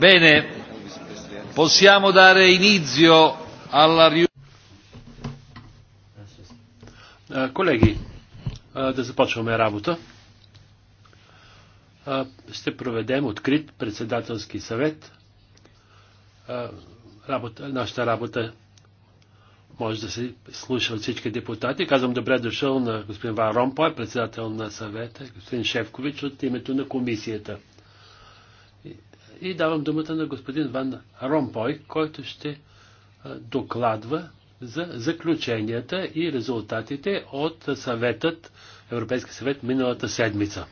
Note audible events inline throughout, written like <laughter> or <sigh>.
Bene, possiamo dare inizio alla riunione. Eh, колеги, eh, да започваме работа. Е, ще проведем открит председателски съвет. Е, работа, нашата работа може да се слуша от всички депутати. Казвам добре дошъл на господин Ван Ромпой, председател на съвета, господин Шевкович от името на комисията. И давам думата на господин Ван Ромпой, който ще докладва за заключенията и резултатите от съветът, Европейски съвет миналата седмица.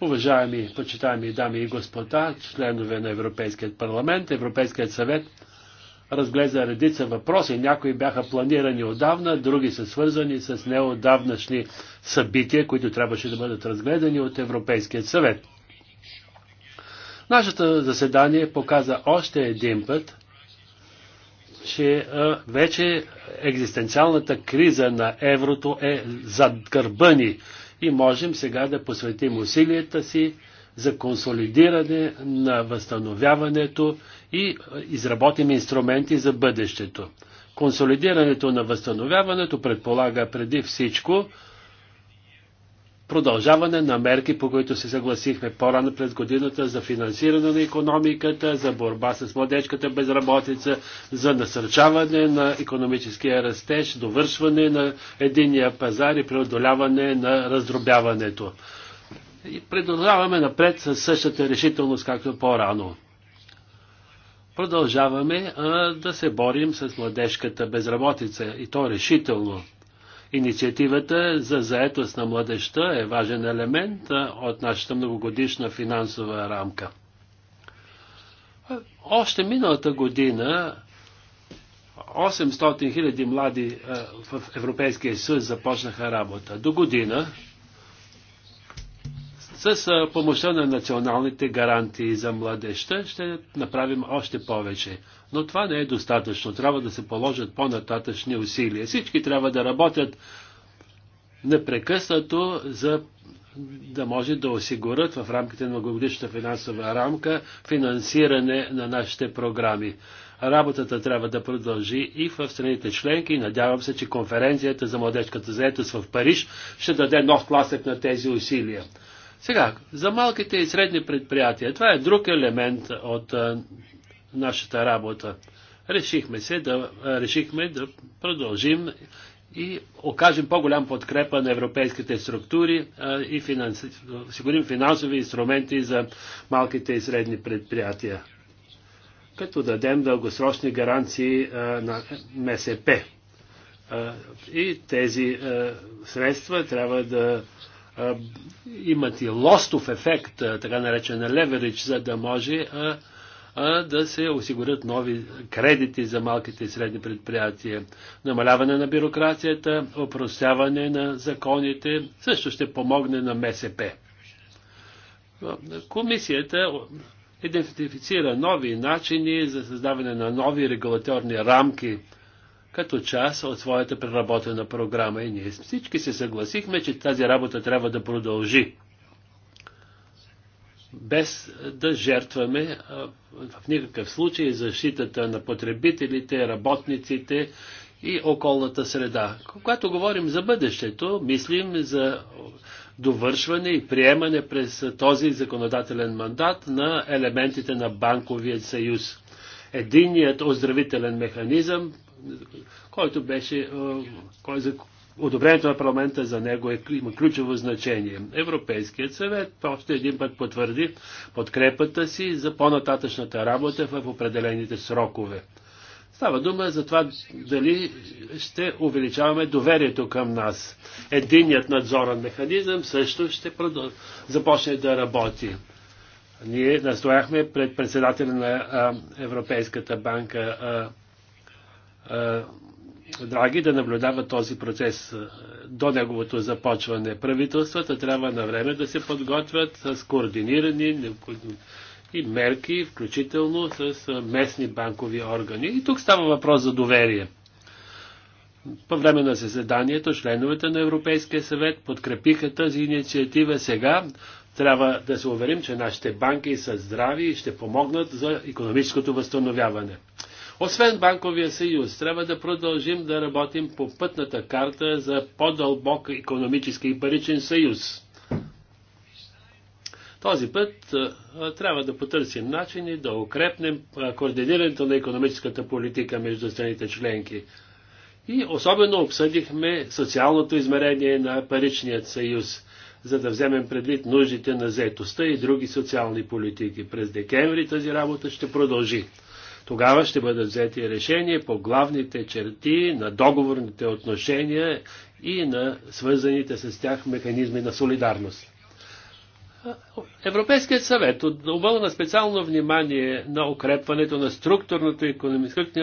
Уважаеми, почитаеми дами и господа, членове на Европейският парламент, Европейският съвет разглежда редица въпроси. Някои бяха планирани отдавна, други са свързани с неодавнашни събития, които трябваше да бъдат разгледани от Европейският съвет. Нашето заседание показа още един път, че вече екзистенциалната криза на еврото е зад гърба ни и можем сега да посветим усилията си за консолидиране на възстановяването и изработим инструменти за бъдещето. Консолидирането на възстановяването предполага преди всичко продължаване на мерки, по които се съгласихме по-рано през годината за финансиране на економиката, за борба с младежката безработица, за насърчаване на економическия растеж, довършване на единия пазар и преодоляване на раздробяването. И продължаваме напред със същата решителност, както по-рано. Продължаваме а, да се борим с младежката безработица и то решително Инициативата за заетост на младеща е важен елемент от нашата многогодишна финансова рамка. Още миналата година 800 000 млади в Европейския съюз започнаха работа. До година с помощта на националните гарантии за младеща ще направим още повече. Но това не е достатъчно. Трябва да се положат по-нататъчни усилия. Всички трябва да работят непрекъснато, за да може да осигурят в рамките на многогодишната финансова рамка финансиране на нашите програми. Работата трябва да продължи и в страните членки надявам се, че конференцията за младежката заетост в Париж ще даде нов класък на тези усилия. Сега, за малките и средни предприятия, това е друг елемент от а, е, нашата работа. Решихме се да, а, е, решихме да продължим и окажем по-голям подкрепа на европейските структури а, е, и финанси, осигурим финансови инструменти за малките и средни предприятия, като дадем дългосрочни гаранции а, на МСП. А, и тези а, средства трябва да имат и лостов ефект, така наречен леверидж, за да може да се осигурят нови кредити за малките и средни предприятия. Намаляване на бюрокрацията, опростяване на законите също ще помогне на МСП. Комисията идентифицира нови начини за създаване на нови регулаторни рамки – като част от своята преработена програма и ние всички се съгласихме, че тази работа трябва да продължи без да жертваме в никакъв случай защитата на потребителите, работниците и околната среда. Когато говорим за бъдещето, мислим за довършване и приемане през този законодателен мандат на елементите на банковия съюз. Единият оздравителен механизъм, който беше, кой за одобрението на парламента за него е, има ключово значение. Европейският съвет още един път потвърди подкрепата си за по-нататъчната работа в определените срокове. Става дума за това дали ще увеличаваме доверието към нас. Единият надзорен механизъм също ще продъл... започне да работи. Ние настояхме пред председателя на Европейската банка е, драги да наблюдава този процес е, до неговото започване. Правителствата трябва на време да се подготвят с координирани и мерки, включително с е, местни банкови органи. И тук става въпрос за доверие. По време на заседанието членовете на Европейския съвет подкрепиха тази инициатива сега. Трябва да се уверим, че нашите банки са здрави и ще помогнат за економическото възстановяване. Освен банковия съюз, трябва да продължим да работим по пътната карта за по-дълбок економически и паричен съюз. Този път трябва да потърсим начини да укрепнем координирането на економическата политика между страните членки. И особено обсъдихме социалното измерение на паричният съюз, за да вземем предвид нуждите на заетостта и други социални политики. През декември тази работа ще продължи. Тогава ще бъдат взети решения по главните черти на договорните отношения и на свързаните с тях механизми на солидарност. Европейският съвет обълна специално внимание на укрепването на структурното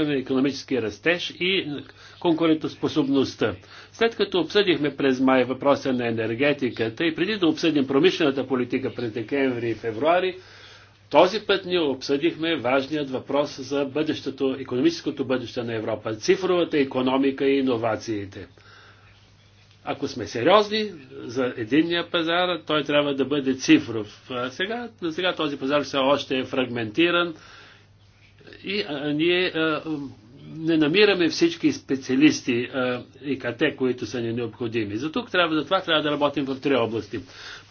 економически растеж и конкурентоспособността. След като обсъдихме през май въпроса на енергетиката и преди да обсъдим промишлената политика през декември и февруари, този път ние обсъдихме важният въпрос за бъдещето, економическото бъдеще на Европа, цифровата економика и иновациите. Ако сме сериозни за единния пазар, той трябва да бъде цифров. Сега, сега този пазар все още е фрагментиран и а, ние а, не намираме всички специалисти а, и кате, които са ни необходими. За, тук трябва, за това трябва да работим в три области.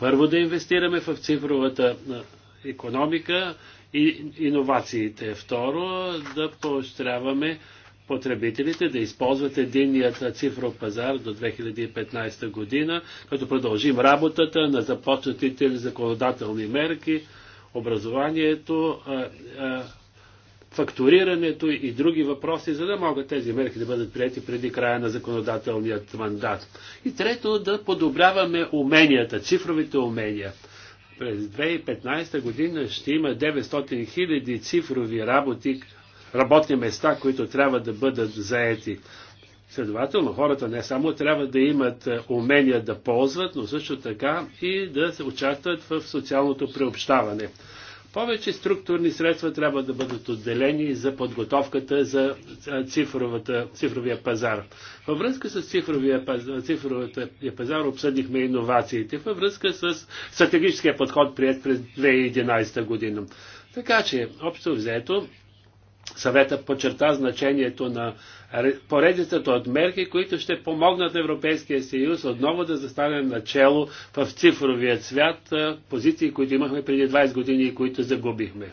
Първо да инвестираме в цифровата економика и иновациите. Второ, да поощряваме потребителите да използват единният цифров пазар до 2015 година, като продължим работата на започнатите законодателни мерки, образованието, фактурирането и други въпроси, за да могат тези мерки да бъдат прияти преди края на законодателният мандат. И трето, да подобряваме уменията, цифровите умения през 2015 година ще има 900 хиляди цифрови работи, работни места, които трябва да бъдат заети. Следователно, хората не само трябва да имат е, умения да ползват, но също така и да се участват в социалното приобщаване. Повече структурни средства трябва да бъдат отделени за подготовката за цифровата, цифровия пазар. Във връзка с цифровия пазар, пазар обсъдихме иновациите, във връзка с стратегическия подход прият през 2011 година. Така че, общо взето, Съвета подчерта значението на поредицата от мерки, които ще помогнат на Европейския съюз отново да застане начело в цифровият свят, позиции, които имахме преди 20 години и които загубихме.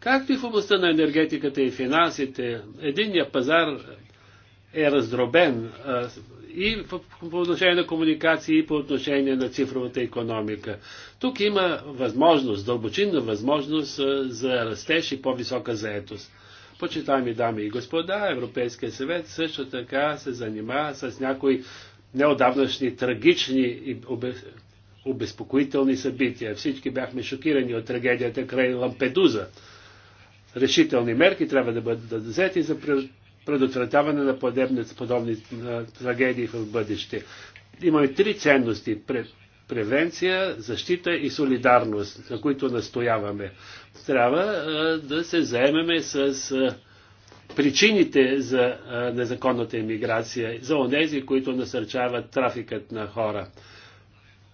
Както и в областта на енергетиката и финансите, единният пазар е раздробен и по отношение на комуникации, и по отношение на цифровата економика. Тук има възможност, дълбочинна възможност за растеж и по-висока заетост. Почитаеми дами и господа, Европейския съвет също така се занимава с някои неодавнашни трагични и обезпокоителни събития. Всички бяхме шокирани от трагедията край Лампедуза. Решителни мерки трябва да бъдат взети за предотвратяване на подобни, подобни трагедии в бъдеще. Имаме три ценности превенция, защита и солидарност, на които настояваме. Трябва да се заемеме с причините за незаконната иммиграция, за онези, които насърчават трафикът на хора.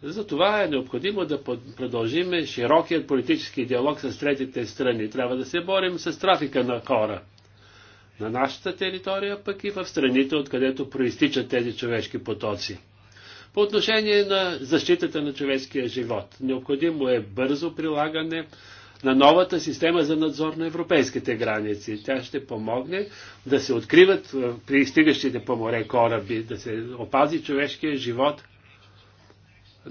Затова е необходимо да продължим широкият политически диалог с третите страни. Трябва да се борим с трафика на хора. На нашата територия, пък и в страните, откъдето проистичат тези човешки потоци. По отношение на защитата на човешкия живот, необходимо е бързо прилагане на новата система за надзор на европейските граници. Тя ще помогне да се откриват пристигащите по море кораби, да се опази човешкия живот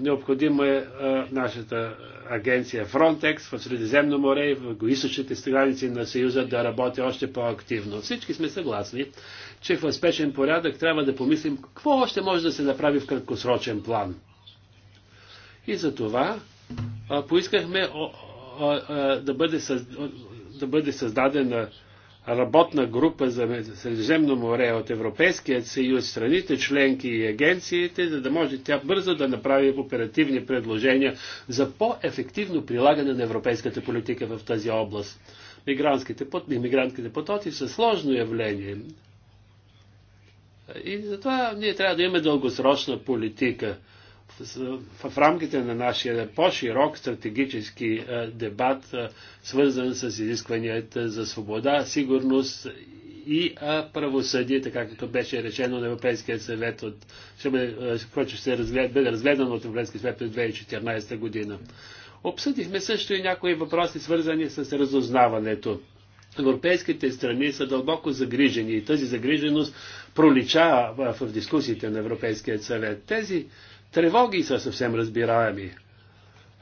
Необходима е а, нашата агенция Frontex в Средиземно море и в източните страници на Съюза да работи още по-активно. Всички сме съгласни, че в спешен порядък трябва да помислим какво още може да се направи в краткосрочен план. И за това а, поискахме а, а, да, бъде създ... да бъде създадена работна група за Средиземно море от Европейският съюз, страните, членки и агенциите, за да може тя бързо да направи оперативни предложения за по-ефективно прилагане на европейската политика в тази област. Мигрантските, мигрантските потоци са сложно явление. И затова ние трябва да имаме дългосрочна политика – в рамките на нашия по-широк стратегически е, дебат, е, свързан с изискванията за свобода, сигурност и е, правосъдие, така както беше решено на Европейския съвет, от, което ще разглед, бъде разгледано от Европейския съвет през 2014 година. Обсъдихме също и някои въпроси, свързани с разузнаването. Европейските страни са дълбоко загрижени и тази загриженост пролича в дискусиите на Европейския съвет. Тези тревоги са съвсем разбираеми.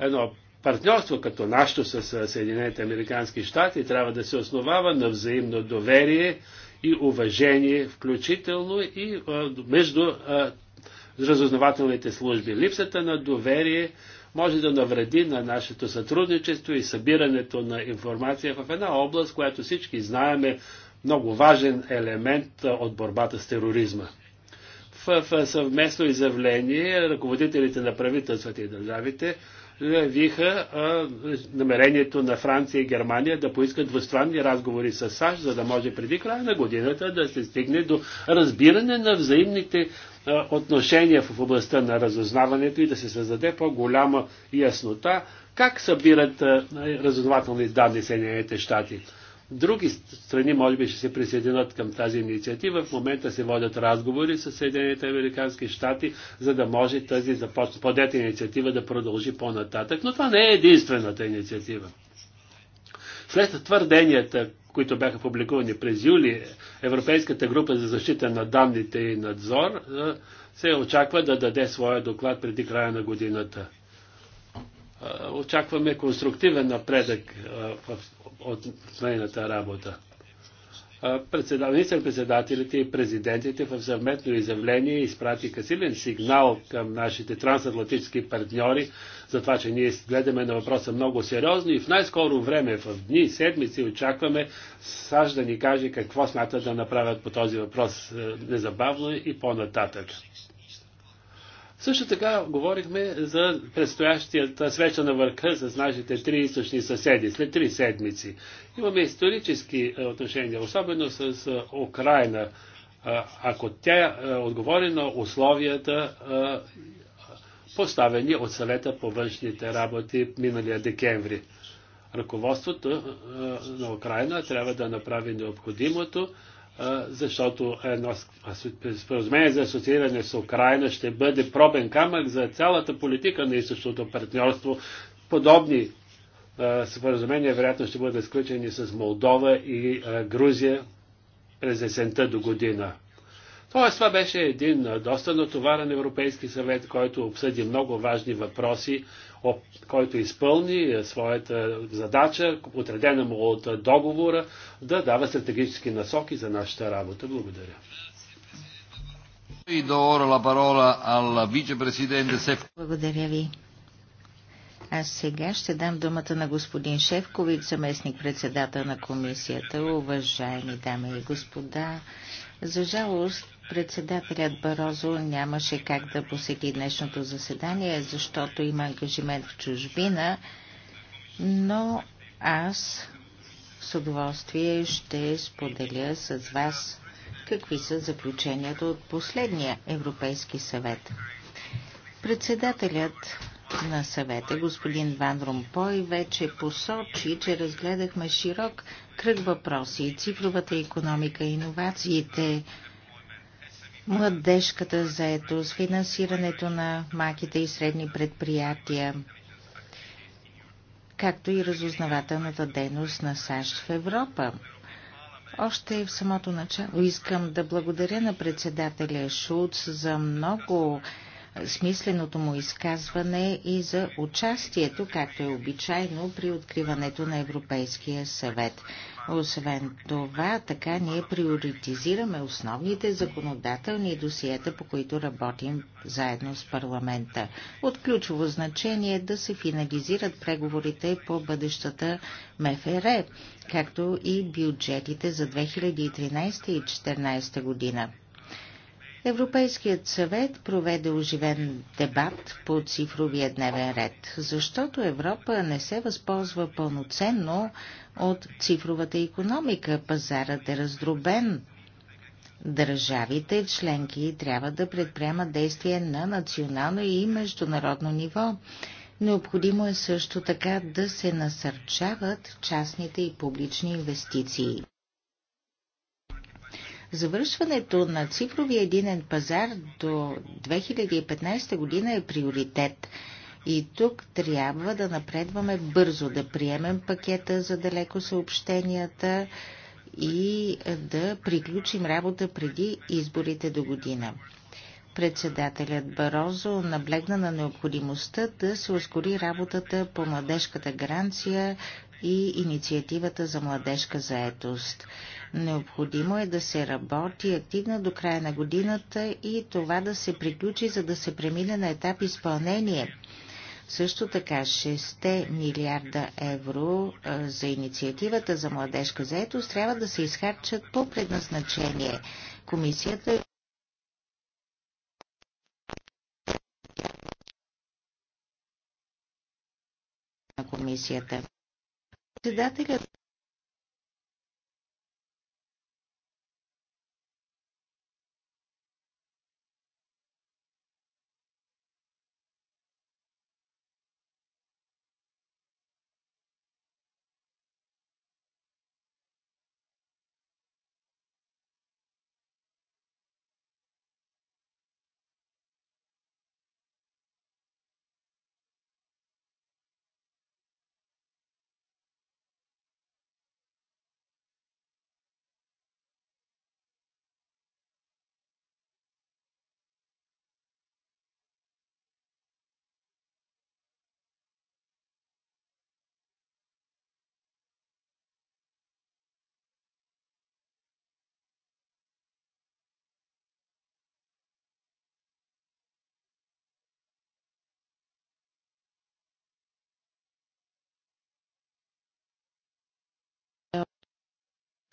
Едно партньорство като нашето с Съединените Американски щати трябва да се основава на взаимно доверие и уважение, включително и а, между а, разузнавателните служби. Липсата на доверие може да навреди на нашето сътрудничество и събирането на информация в една област, която всички знаем е много важен елемент от борбата с тероризма в съвместно изявление ръководителите на правителствата и държавите заявиха е, намерението на Франция и Германия да поискат двустранни разговори с САЩ, за да може преди края на годината да се стигне до разбиране на взаимните отношения в областта на разузнаването и да се създаде по-голяма яснота как събират разузнавателни данни Съединените щати. Други страни може би ще се присъединят към тази инициатива. В момента се водят разговори с Съединените Американски щати, за да може тази започна, подета инициатива да продължи по-нататък. Но това не е единствената инициатива. След твърденията, които бяха публикувани през юли, Европейската група за защита на данните и надзор се очаква да даде своя доклад преди края на годината очакваме конструктивен напредък в, от нейната работа. Министър-председателите и президентите в съвместно изявление изпратиха силен сигнал към нашите трансатлантически партньори за това, че ние гледаме на въпроса много сериозно и в най-скоро време, в дни, седмици, очакваме САЩ да ни каже какво смятат да направят по този въпрос незабавно и по-нататък. Също така говорихме за предстоящията свеча на върха с нашите три източни съседи след три седмици. Имаме исторически отношения, особено с Украина. Ако тя отговори на условията, поставени от съвета по външните работи миналия декември. Ръководството на Украина трябва да направи необходимото, защото едно споразумение за асоцииране с Украина ще бъде пробен камък за цялата политика на източното партньорство. Подобни споразумения вероятно ще бъдат сключени с Молдова и Грузия през есента до година. Тоест, това беше един доста натоварен Европейски съвет, който обсъди много важни въпроси, който изпълни е, своята задача, отредена му от договора, да дава стратегически насоки за нашата работа. Благодаря. Благодаря ви. А сега ще дам думата на господин Шевкович, заместник председател на комисията. Уважаеми дами и господа, за жалост Председателят Барозо нямаше как да посети днешното заседание, защото има ангажимент в чужбина, но аз с удоволствие ще споделя с вас какви са заключенията от последния Европейски съвет. Председателят на съвета, господин Ван Ромпой, вече посочи, че разгледахме широк кръг въпроси – цифровата економика, иновациите, младежката заетост, финансирането на малките и средни предприятия, както и разузнавателната дейност на САЩ в Европа. Още в самото начало искам да благодаря на председателя Шулц за много смисленото му изказване и за участието, както е обичайно, при откриването на Европейския съвет. Освен това, така ние приоритизираме основните законодателни досиета, по които работим заедно с парламента. От ключово значение е да се финализират преговорите по бъдещата МФР, както и бюджетите за 2013 и 2014 година. Европейският съвет проведе оживен дебат по цифровия дневен ред, защото Европа не се възползва пълноценно от цифровата економика. Пазарът е раздробен. Държавите членки трябва да предприемат действия на национално и международно ниво. Необходимо е също така да се насърчават частните и публични инвестиции. Завършването на цифровия единен пазар до 2015 година е приоритет. И тук трябва да напредваме бързо, да приемем пакета за далеко съобщенията и да приключим работа преди изборите до година. Председателят Барозо наблегна на необходимостта да се ускори работата по младежката гаранция, и инициативата за младежка заетост. Необходимо е да се работи активно до края на годината и това да се приключи, за да се премине на етап изпълнение. Също така 6 милиарда евро за инициативата за младежка заетост трябва да се изхарчат по предназначение. Комисията на комисията председателят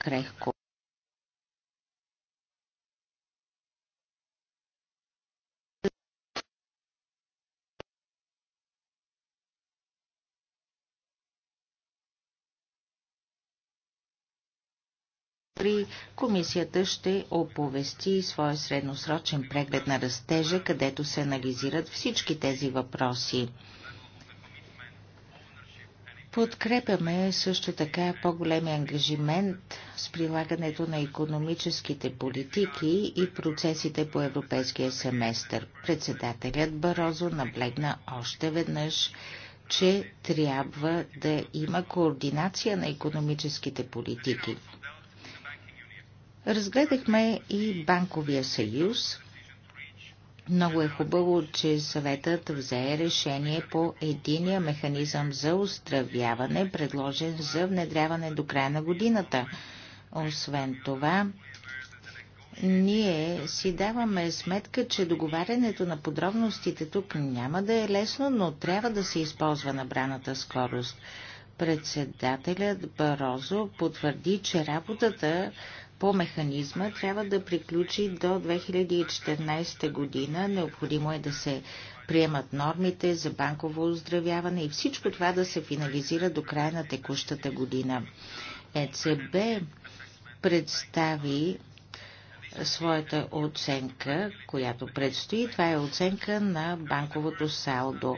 крехко. комисията ще оповести своя средносрочен преглед на растежа, където се анализират всички тези въпроси. Подкрепяме също така по-големи ангажимент с прилагането на економическите политики и процесите по европейския семестър. Председателят Барозо наблегна още веднъж, че трябва да има координация на економическите политики. Разгледахме и Банковия съюз – много е хубаво, че съветът взе решение по единия механизъм за оздравяване, предложен за внедряване до края на годината. Освен това, ние си даваме сметка, че договарянето на подробностите тук няма да е лесно, но трябва да се използва набраната скорост. Председателят Барозо потвърди, че работата по механизма трябва да приключи до 2014 година. Необходимо е да се приемат нормите за банково оздравяване и всичко това да се финализира до края на текущата година. ЕЦБ представи своята оценка, която предстои. Това е оценка на банковото салдо.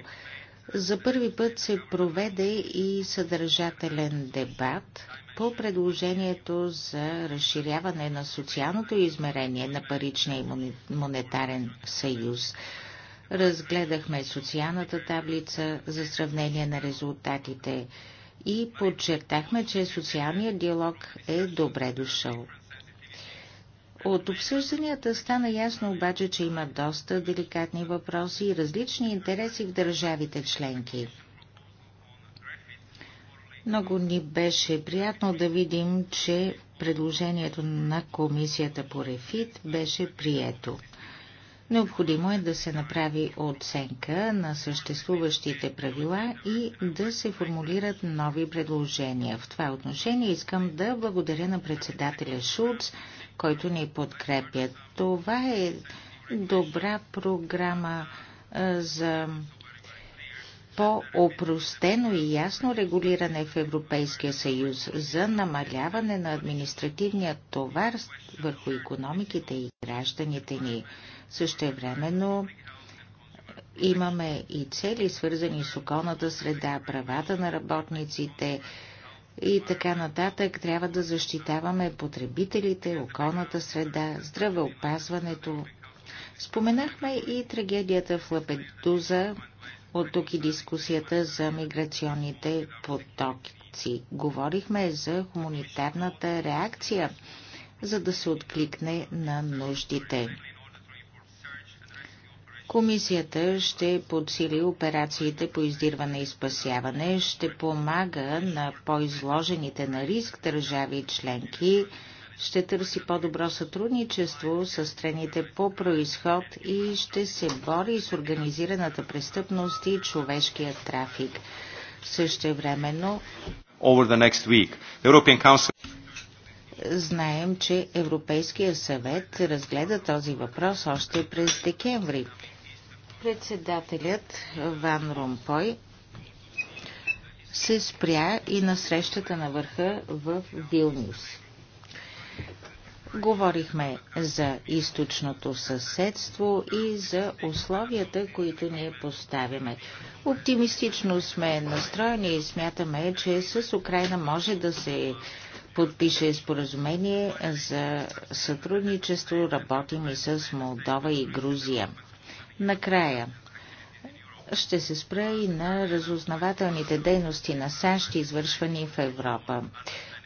За първи път се проведе и съдържателен дебат по предложението за разширяване на социалното измерение на паричния и монетарен съюз. Разгледахме социалната таблица за сравнение на резултатите и подчертахме, че социалният диалог е добре дошъл. От обсъжданията стана ясно обаче, че има доста деликатни въпроси и различни интереси в държавите членки. Много ни беше приятно да видим, че предложението на комисията по Рефит беше прието. Необходимо е да се направи оценка на съществуващите правила и да се формулират нови предложения. В това отношение искам да благодаря на председателя Шулц, който ни подкрепя. Това е добра програма за по-опростено и ясно регулиране в Европейския съюз за намаляване на административния товар върху економиките и гражданите ни. Същевременно имаме и цели, свързани с околната среда, правата на работниците и така нататък. Трябва да защитаваме потребителите, околната среда, здравеопазването. Споменахме и трагедията в Лапедуза, от тук и дискусията за миграционните потоци. Говорихме за хуманитарната реакция, за да се откликне на нуждите. Комисията ще подсили операциите по издирване и спасяване, ще помага на по-изложените на риск държави и членки, ще търси по-добро сътрудничество с страните по происход и ще се бори с организираната престъпност и човешкия трафик. Същевременно Over the next week, European Council... знаем, че Европейския съвет разгледа този въпрос още през декември. Председателят Ван Ромпой се спря и на срещата на върха в Вилнюс. Говорихме за източното съседство и за условията, които ние поставяме. Оптимистично сме настроени и смятаме, че с Украина може да се подпише споразумение за сътрудничество. Работим и с Молдова и Грузия. Накрая ще се спра и на разузнавателните дейности на САЩ, извършвани в Европа.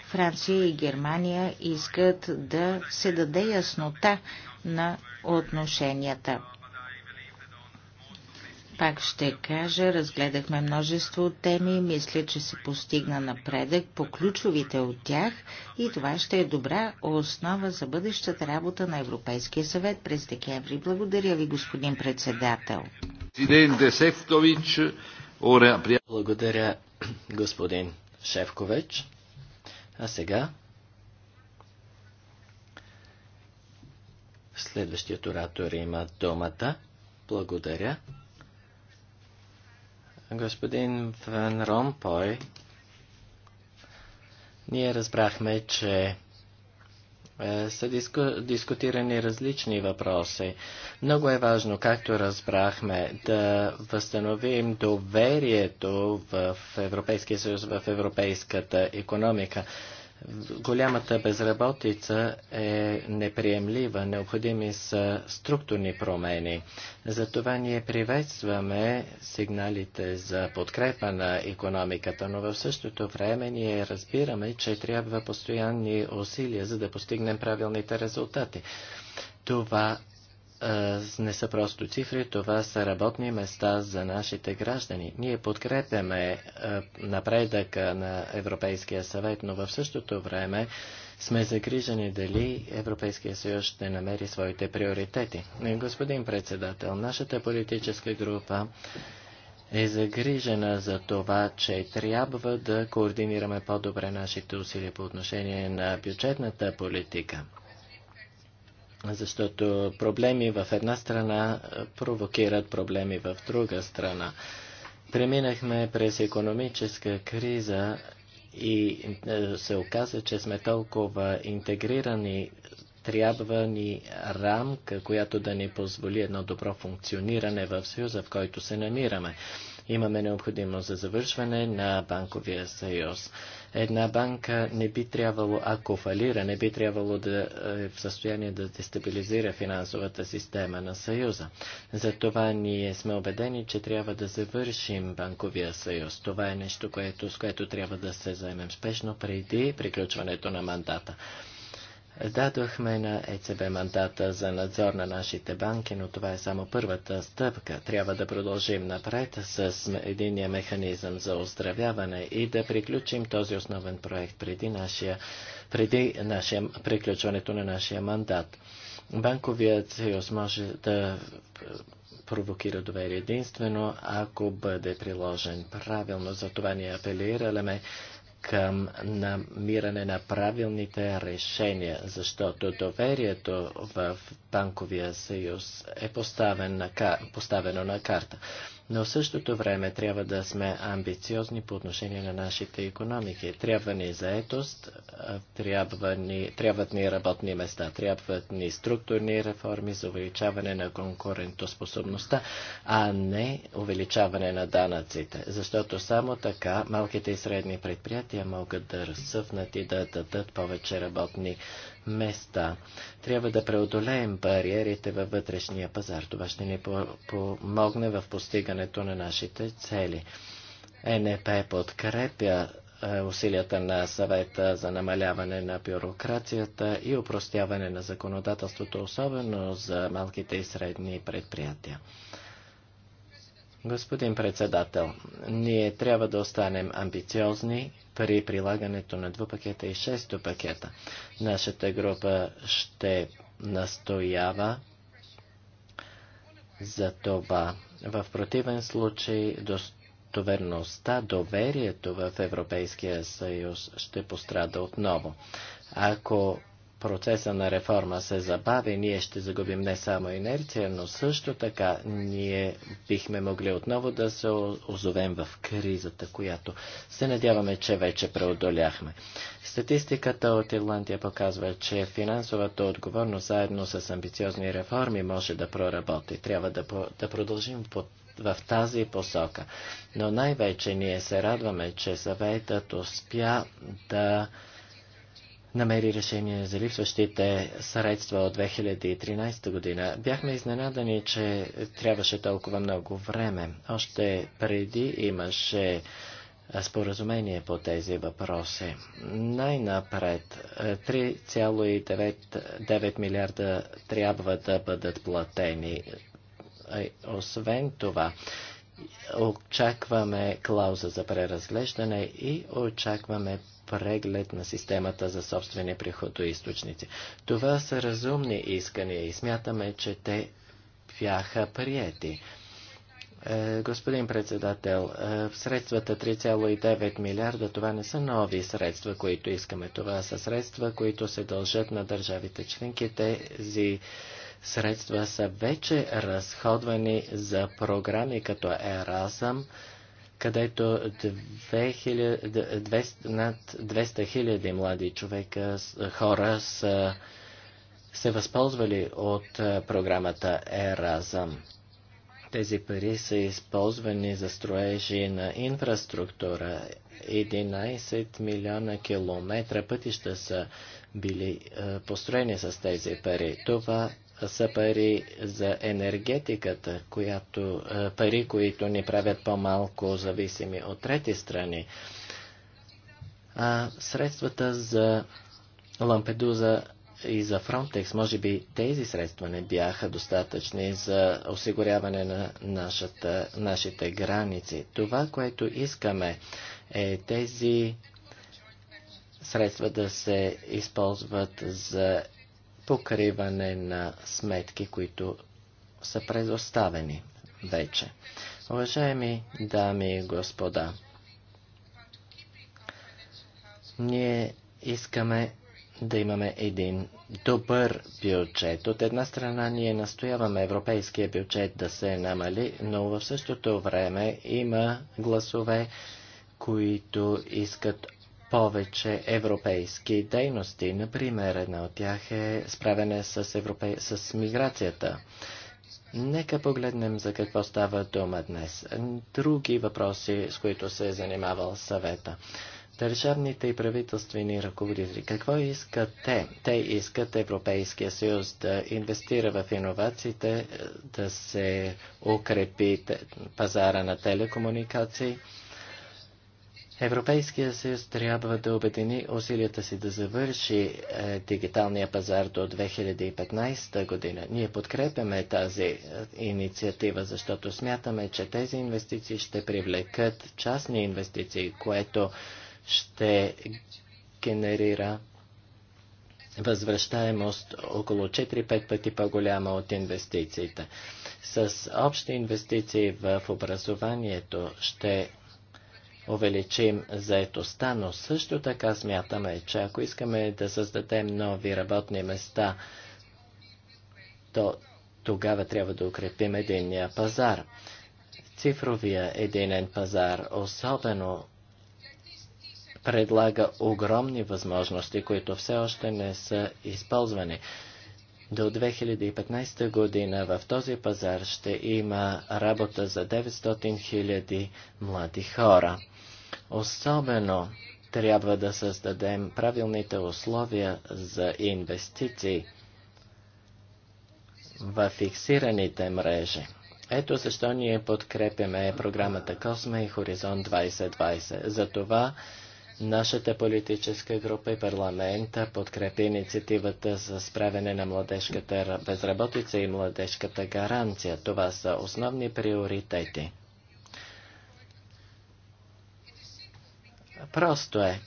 Франция и Германия искат да се даде яснота на отношенията. Пак ще кажа, разгледахме множество теми, мисля, че се постигна напредък по ключовите от тях и това ще е добра основа за бъдещата работа на Европейския съвет през декември. Благодаря ви, господин председател. Благодаря, господин Шевкович. А сега следващият оратор има думата. Благодаря. Господин Ван Ромпой, ние разбрахме, че е, са диску, дискутирани различни въпроси. Много е важно, както разбрахме, да възстановим доверието в Европейския съюз, в европейската економика. Голямата безработица е неприемлива, необходими са структурни промени. Затова ние приветстваме сигналите за подкрепа на економиката, но в същото време ние разбираме, че трябва постоянни усилия, за да постигнем правилните резултати. Това не са просто цифри, това са работни места за нашите граждани. Ние подкрепяме напредъка на Европейския съвет, но в същото време сме загрижени дали Европейския съюз ще намери своите приоритети. Господин председател, нашата политическа група е загрижена за това, че трябва да координираме по-добре нашите усилия по отношение на бюджетната политика защото проблеми в една страна провокират проблеми в друга страна. Преминахме през економическа криза и е, се оказа, че сме толкова интегрирани, трябва ни рамка, която да ни позволи едно добро функциониране в Съюза, в който се намираме имаме необходимост за завършване на банковия съюз. Една банка не би трябвало, ако фалира, не би трябвало да е в състояние да дестабилизира финансовата система на съюза. Затова ние сме убедени, че трябва да завършим банковия съюз. Това е нещо, което, с което трябва да се займем спешно преди приключването на мандата. Дадохме на ЕЦБ мандата за надзор на нашите банки, но това е само първата стъпка. Трябва да продължим напред с единия механизъм за оздравяване и да приключим този основен проект преди, нашия, преди нашия, приключването на нашия мандат. Банковият съюз може да провокира доверие единствено, ако бъде приложен правилно. За това ние апелираме към намиране на правилните решения, защото доверието в банковия съюз е поставено на карта. Но в същото време трябва да сме амбициозни по отношение на нашите економики. Трябва ни заетост, трябва ни, трябват ни работни места, трябват ни структурни реформи за увеличаване на конкурентоспособността, а не увеличаване на данъците. Защото само така малките и средни предприятия могат да разсъвнат и да дадат повече работни места. Трябва да преодолеем бариерите във вътрешния пазар. Това ще ни помогне в постигането на нашите цели. НП подкрепя е, усилията на съвета за намаляване на бюрокрацията и упростяване на законодателството, особено за малките и средни предприятия. Господин председател, ние трябва да останем амбициозни при прилагането на два пакета и шесто пакета. Нашата група ще настоява за това. В противен случай достоверността, доверието в Европейския съюз ще пострада отново. Ако процеса на реформа се забави, ние ще загубим не само инерция, но също така ние бихме могли отново да се озовем в кризата, която се надяваме, че вече преодоляхме. Статистиката от Ирландия показва, че финансовата отговорност заедно с амбициозни реформи може да проработи. Трябва да, да продължим по в тази посока. Но най-вече ние се радваме, че съветът успя да намери решение за липсващите средства от 2013 година. Бяхме изненадани, че трябваше толкова много време. Още преди имаше споразумение по тези въпроси. Най-напред 3,9 е, милиарда трябва да бъдат платени. Е, освен това, очакваме клауза за преразглеждане и очакваме преглед на системата за собствени приходоисточници. Това са разумни искания и смятаме, че те бяха приети. Е, господин председател, е, средствата 3,9 милиарда, това не са нови средства, които искаме. Това са средства, които се дължат на държавите членки. Тези средства са вече разходвани за програми като Erasmus, където 200, над 200 хиляди млади човека, хора са се възползвали от програмата ЕРАЗАМ. Тези пари са използвани за строежи на инфраструктура. 11 милиона километра пътища са били построени с тези пари. Това са пари за енергетиката, която, е, пари, които ни правят по-малко зависими от трети страни. А средствата за Лампедуза и за Фронтекс, може би тези средства не бяха достатъчни за осигуряване на нашата, нашите граници. Това, което искаме е тези средства да се използват за покриване на сметки, които са предоставени вече. Уважаеми дами и господа, ние искаме да имаме един добър бюджет. От една страна ние настояваме европейския бюджет да се намали, но в същото време има гласове, които искат повече европейски дейности. Например, една от тях е справяне с, европе... с миграцията. Нека погледнем за какво става дума днес. Други въпроси, с които се е занимавал съвета. Държавните и правителствени ръководители, какво искат те? Те искат Европейския съюз да инвестира в иновациите, да се укрепи пазара на телекомуникации Европейския съюз трябва да обедини усилията си да завърши е, дигиталния пазар до 2015 година. Ние подкрепяме тази е, инициатива, защото смятаме, че тези инвестиции ще привлекат частни инвестиции, което ще генерира възвръщаемост около 4-5 пъти по-голяма от инвестициите. С общи инвестиции в образованието ще увеличим заетостта, но също така смятаме, че ако искаме да създадем нови работни места, то тогава трябва да укрепим единния пазар. Цифровия единен пазар особено предлага огромни възможности, които все още не са използвани. До 2015 година в този пазар ще има работа за 900 000 млади хора. Особено трябва да създадем правилните условия за инвестиции в фиксираните мрежи. Ето защо ние подкрепяме програмата Косма и Хоризонт 2020. За това нашата политическа група и парламента подкрепи инициативата за справяне на младежката безработица и младежката гаранция. Това са основни приоритети. Просто е.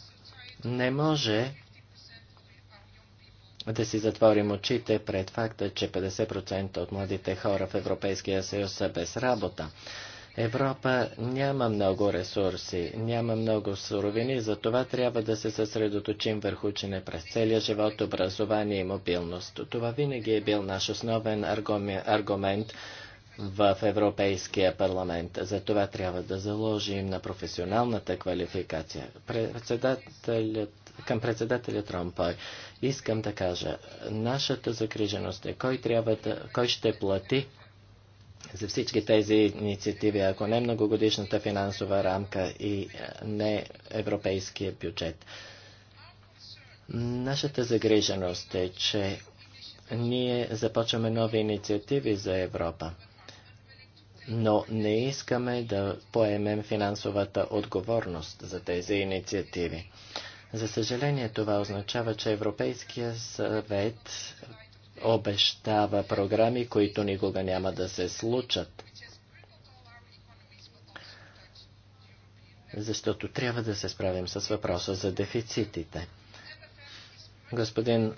Не може да си затворим очите пред факта, че 50% от младите хора в Европейския съюз са без работа. Европа няма много ресурси, няма много суровини, за това трябва да се съсредоточим върху учене през целия живот, образование и мобилност. Това винаги е бил наш основен аргумент в Европейския парламент. За това трябва да заложим на професионалната квалификация. Председателят, към председателя Тромпой искам да кажа, нашата загриженост е кой, трябва да, кой ще плати за всички тези инициативи, ако не многогодишната финансова рамка и е, не европейския бюджет. Нашата загриженост е, че ние започваме нови инициативи за Европа но не искаме да поемем финансовата отговорност за тези инициативи. За съжаление, това означава, че Европейския съвет обещава програми, които никога няма да се случат. Защото трябва да се справим с въпроса за дефицитите. Господин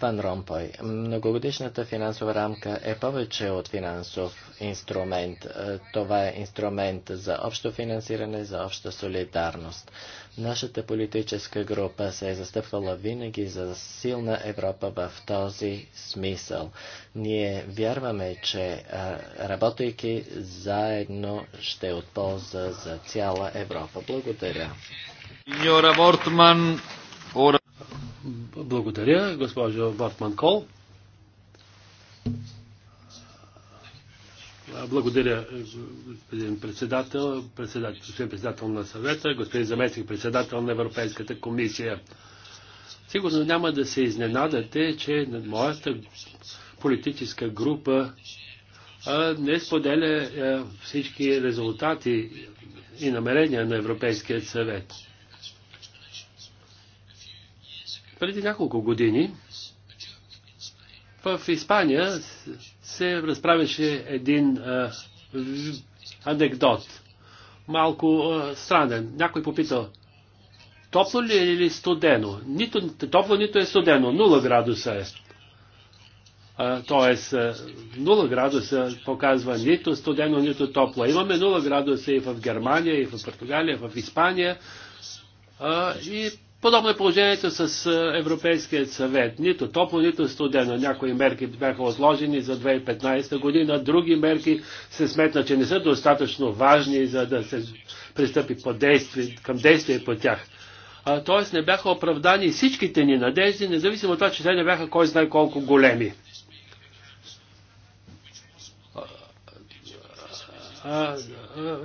Ван Ромпой. Многогодишната финансова рамка е повече от финансов инструмент. Е, това е инструмент за общо финансиране, за обща солидарност. Нашата политическа група се е застъпвала винаги за силна Европа в този смисъл. Ние вярваме, че е, работейки заедно ще е от полза за цяла Европа. Благодаря. Вортман, благодаря, госпожо Бортман Кол. Благодаря, господин председател, председател, господин председател на съвета, господин заместник председател на Европейската комисия. Сигурно няма да се изненадате, че моята политическа група не споделя всички резултати и намерения на Европейския съвет. Преди няколко години в Испания се разправяше един а, анекдот. Малко а, странен. Някой попитал, топло ли е или студено? Нито топло, нито е студено. 0 градуса е. А, тоест, 0 градуса показва нито студено, нито топло. Имаме 0 градуса и в Германия, и в Португалия, и в Испания. А, и Подобно е положението с е, Европейският съвет. Нито топло, нито студено. Някои мерки бяха отложени за 2015 година, други мерки се сметна, че не са достатъчно важни, за да се пристъпи по действие, към действие по тях. Тоест не бяха оправдани всичките ни надежди, независимо от това, че те не бяха кой знае колко големи.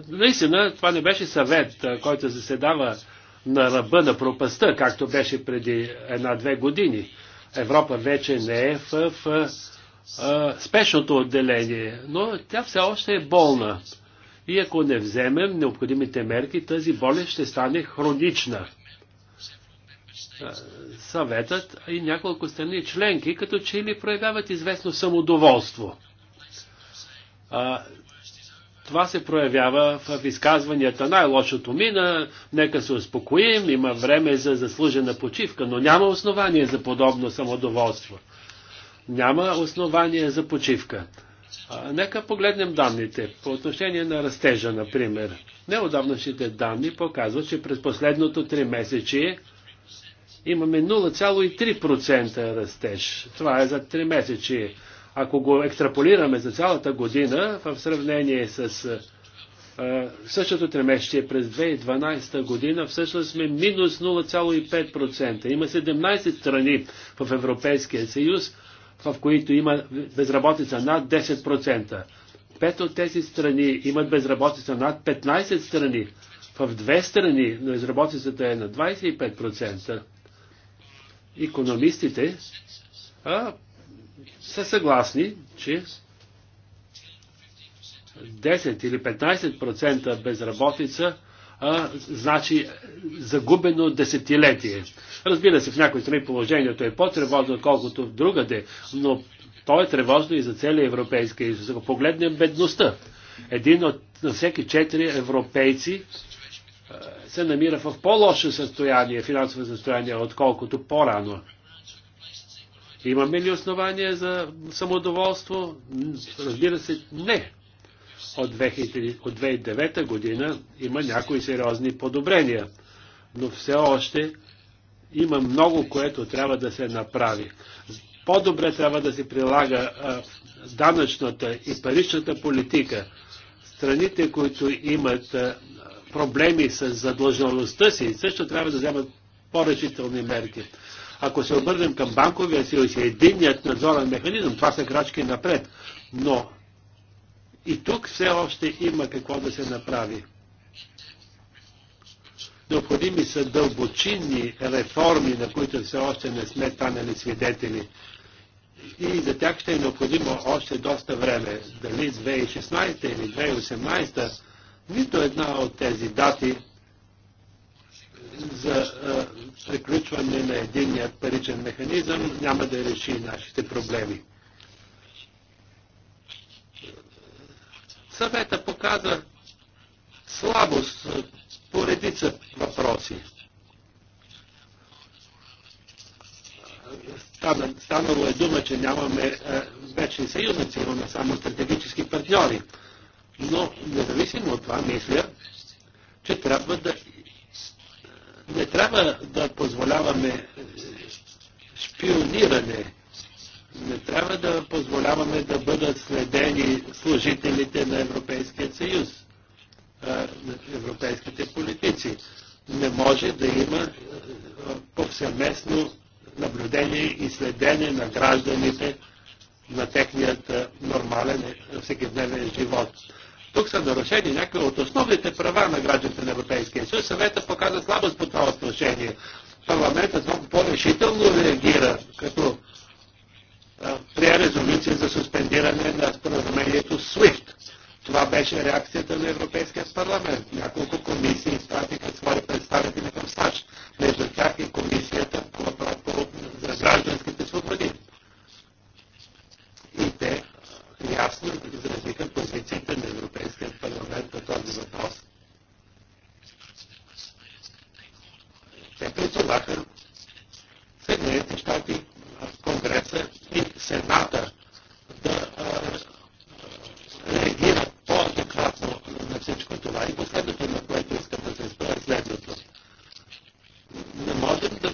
наистина, това не беше съвет, който заседава на ръба на пропаста, както беше преди една-две години. Европа вече не е в, в а, спешното отделение, но тя все още е болна. И ако не вземем необходимите мерки, тази болест ще стане хронична. Съветът и няколко страни членки, като че ли проявяват известно самодоволство. А, това се проявява в изказванията. Най-лошото мина, нека се успокоим, има време за заслужена почивка, но няма основание за подобно самодоволство. Няма основание за почивка. А, нека погледнем данните. По отношение на растежа, например. Неодавнашните данни показват, че през последното три месечи имаме 0,3% растеж. Това е за три месечи. Ако го екстраполираме за цялата година, в сравнение с а, същото тремещие, през 2012 година, всъщност сме минус 0,5%. Има 17 страни в Европейския съюз, в които има безработица над 10%. Пет от тези страни имат безработица над 15 страни. В две страни безработицата е на 25%. Економистите а, са съгласни, че 10 или 15% безработица а, значи загубено десетилетие. Разбира се, в някои страни положението е по-тревожно, отколкото в другаде, но то е тревожно и за целия Европейския съюз. Ако погледнем бедността, един от на всеки четири европейци а, се намира в по-лошо състояние, финансово състояние, отколкото по-рано. Имаме ли основания за самодоволство? Разбира се, не. От 2009, от 2009 година има някои сериозни подобрения, но все още има много, което трябва да се направи. По-добре трябва да се прилага а, данъчната и паричната политика. Страните, които имат а, проблеми с задължеността си, също трябва да вземат по-решителни мерки. Ако се обърнем към банковия съюз и е единният надзорен механизъм, това са крачки напред. Но и тук все още има какво да се направи. Необходими са дълбочинни реформи, на които все още не сме станали свидетели. И за тях ще е необходимо още доста време. Дали 2016 или 2018, нито една от тези дати за приключване на единият паричен механизъм няма да реши нашите проблеми. Съвета показа слабост по редица въпроси. станало е дума, че нямаме вечни съюзници, имаме само стратегически партньори. Но независимо от това, мисля, че трябва да не трябва да позволяваме шпиониране. Не трябва да позволяваме да бъдат следени служителите на Европейския съюз, европейските политици. Не може да има повсеместно наблюдение и следение на гражданите на техният нормален всекидневен живот. Тук са нарушени някои от основните права на гражданите на Европейския съюз. Съвета показва слабост по това отношение. Парламентът много по-решително реагира, като прие резолюция за суспендиране на споразумението SWIFT. Това беше реакцията на Европейския парламент. Няколко комисии изпратиха свои представители към САЩ, между тях и комисията по, по, по, за гражданските свободи. И те ясно изразиха позицията на Европейския парламент по този въпрос. Те призоваха Съединените щати, Конгреса и Сената да реагират по-адекватно на всичко това. И последното, на което искам да се спра, е следното. Не можем да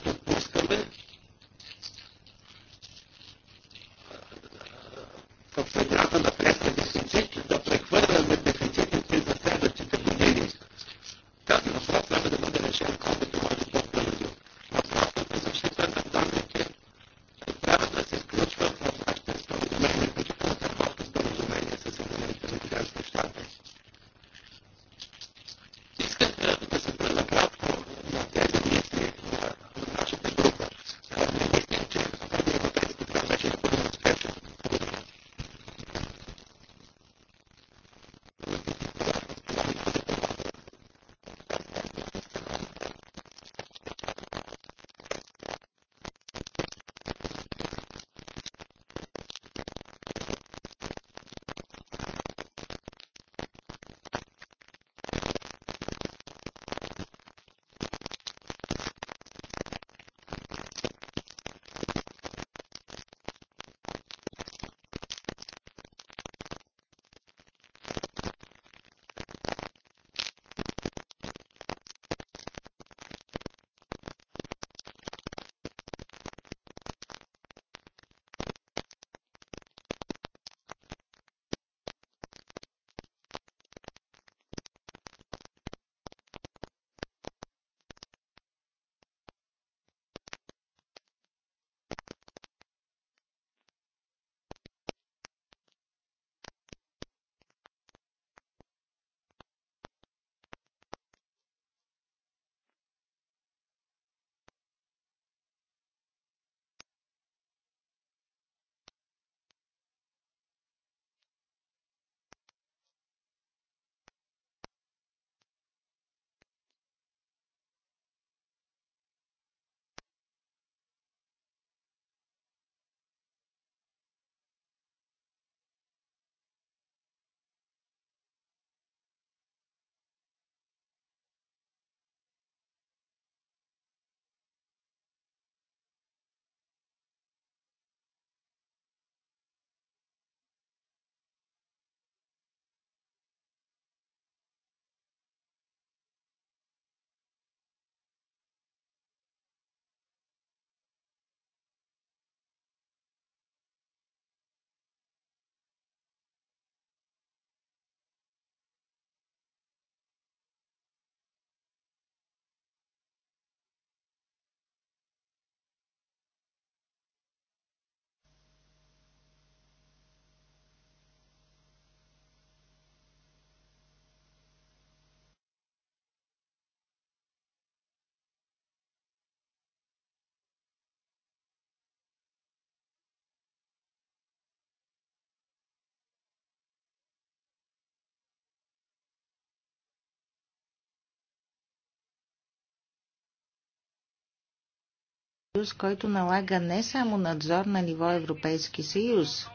съюз, който налага не само надзор на ниво Европейски съюз,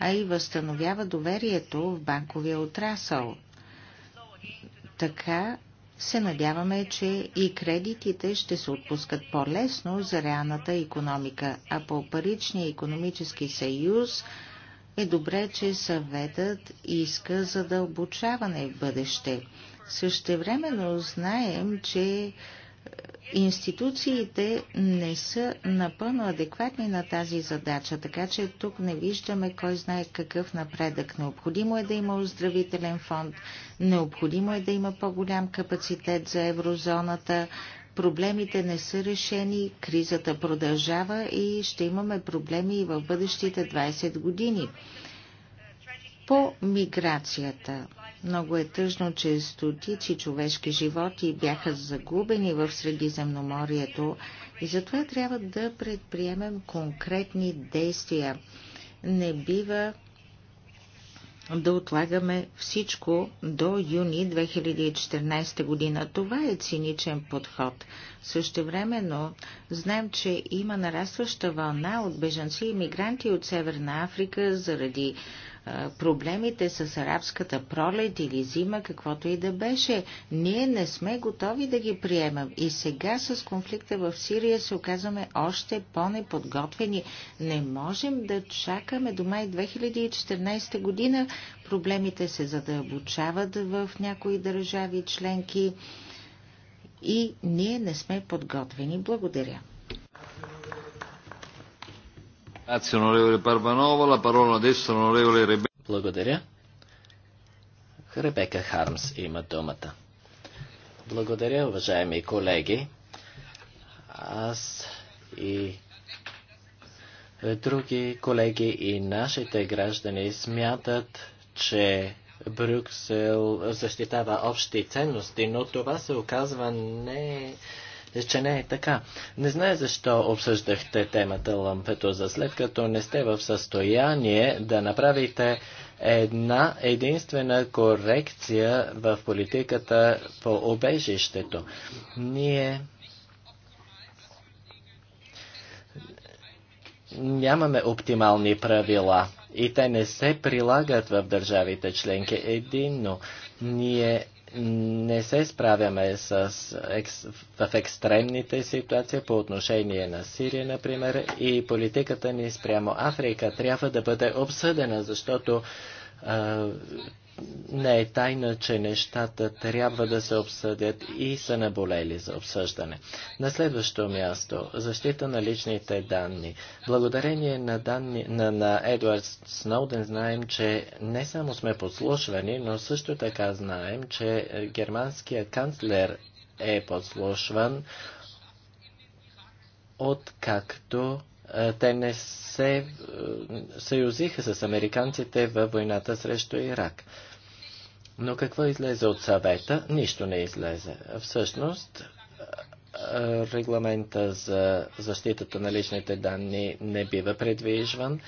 а и възстановява доверието в банковия отрасъл. Така се надяваме, че и кредитите ще се отпускат по-лесно за реалната економика, а по паричния економически съюз е добре, че съветът иска задълбочаване в бъдеще. Същевременно знаем, че Институциите не са напълно адекватни на тази задача, така че тук не виждаме кой знае какъв напредък. Необходимо е да има оздравителен фонд, необходимо е да има по-голям капацитет за еврозоната, проблемите не са решени, кризата продължава и ще имаме проблеми и в бъдещите 20 години. По миграцията. Много е тъжно, че стотици човешки животи бяха загубени в Средиземноморието и затова трябва да предприемем конкретни действия. Не бива да отлагаме всичко до юни 2014 година. Това е циничен подход. Също Същевременно знаем, че има нарастваща вълна от бежанци и мигранти от Северна Африка заради проблемите с арабската пролет или зима, каквото и да беше. Ние не сме готови да ги приемам. И сега с конфликта в Сирия се оказваме още по-неподготвени. Не можем да чакаме до май 2014 година. Проблемите се задълбочават в някои държави членки и ние не сме подготвени. Благодаря. Благодаря. Ребека Хармс има думата. Благодаря, уважаеми колеги. Аз и други колеги и нашите граждани смятат, че Брюксел защитава общи ценности, но това се оказва не е, че не е така. Не знае защо обсъждахте темата Лампедуза, след като не сте в състояние да направите една единствена корекция в политиката по обежището. Ние нямаме оптимални правила и те не се прилагат в държавите членки единно. Ние не се справяме с, екс, в екстремните ситуации по отношение на Сирия, например, и политиката ни спрямо Африка трябва да бъде обсъдена, защото а, не е тайна, че нещата трябва да се обсъдят и са наболели за обсъждане. На следващо място – защита на личните данни. Благодарение на, данни, на, на Едуард Сноуден знаем, че не само сме подслушвани, но също така знаем, че германският канцлер е подслушван откакто те не се съюзиха с американците във войната срещу Ирак. Но какво излезе от съвета? Нищо не излезе. Всъщност, регламента за защитата на личните данни не бива предвижван.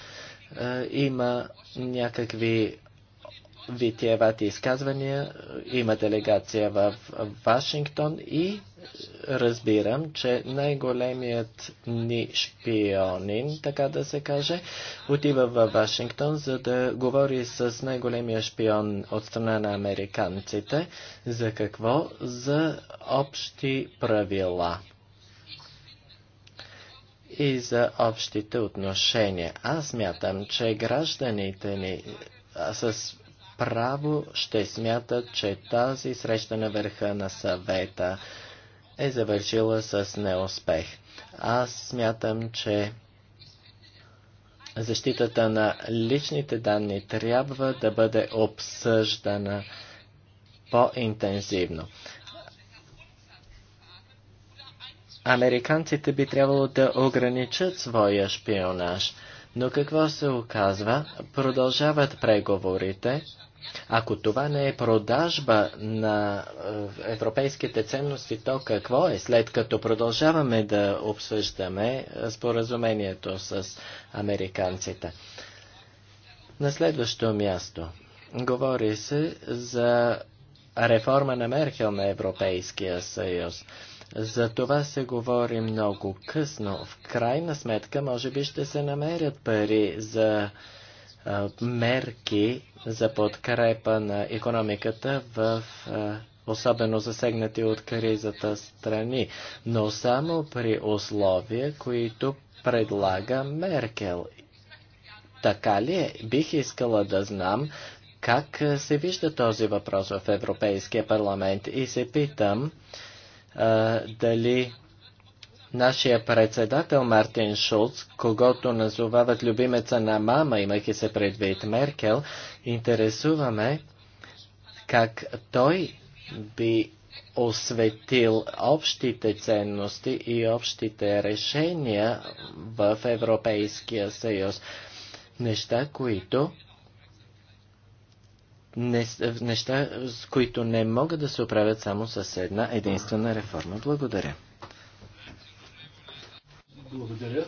Има някакви витиевати изказвания. Има делегация в Вашингтон и разбирам, че най-големият ни шпионин, така да се каже, отива в Вашингтон, за да говори с най-големия шпион от страна на американците. За какво? За общи правила и за общите отношения. Аз мятам, че гражданите ни с право ще смятат, че тази среща на върха на съвета е завършила с неуспех. Аз смятам, че защитата на личните данни трябва да бъде обсъждана по-интензивно. Американците би трябвало да ограничат своя шпионаж, но какво се оказва? Продължават преговорите ако това не е продажба на е, европейските ценности, то какво е, след като продължаваме да обсъждаме е, споразумението с американците? На следващо място говори се за реформа на Мерхел на Европейския съюз. За това се говори много късно. В крайна сметка, може би ще се намерят пари за мерки за подкрепа на економиката в особено засегнати от кризата страни, но само при условия, които предлага Меркел. Така ли е? Бих искала да знам как се вижда този въпрос в Европейския парламент и се питам а, дали Нашия председател Мартин Шулц, когато назовават любимеца на мама, имайки се предвид Меркел, интересуваме как той би осветил общите ценности и общите решения в Европейския съюз. Неща, които неща, с които не могат да се оправят само с една единствена реформа. Благодаря. Благодаря.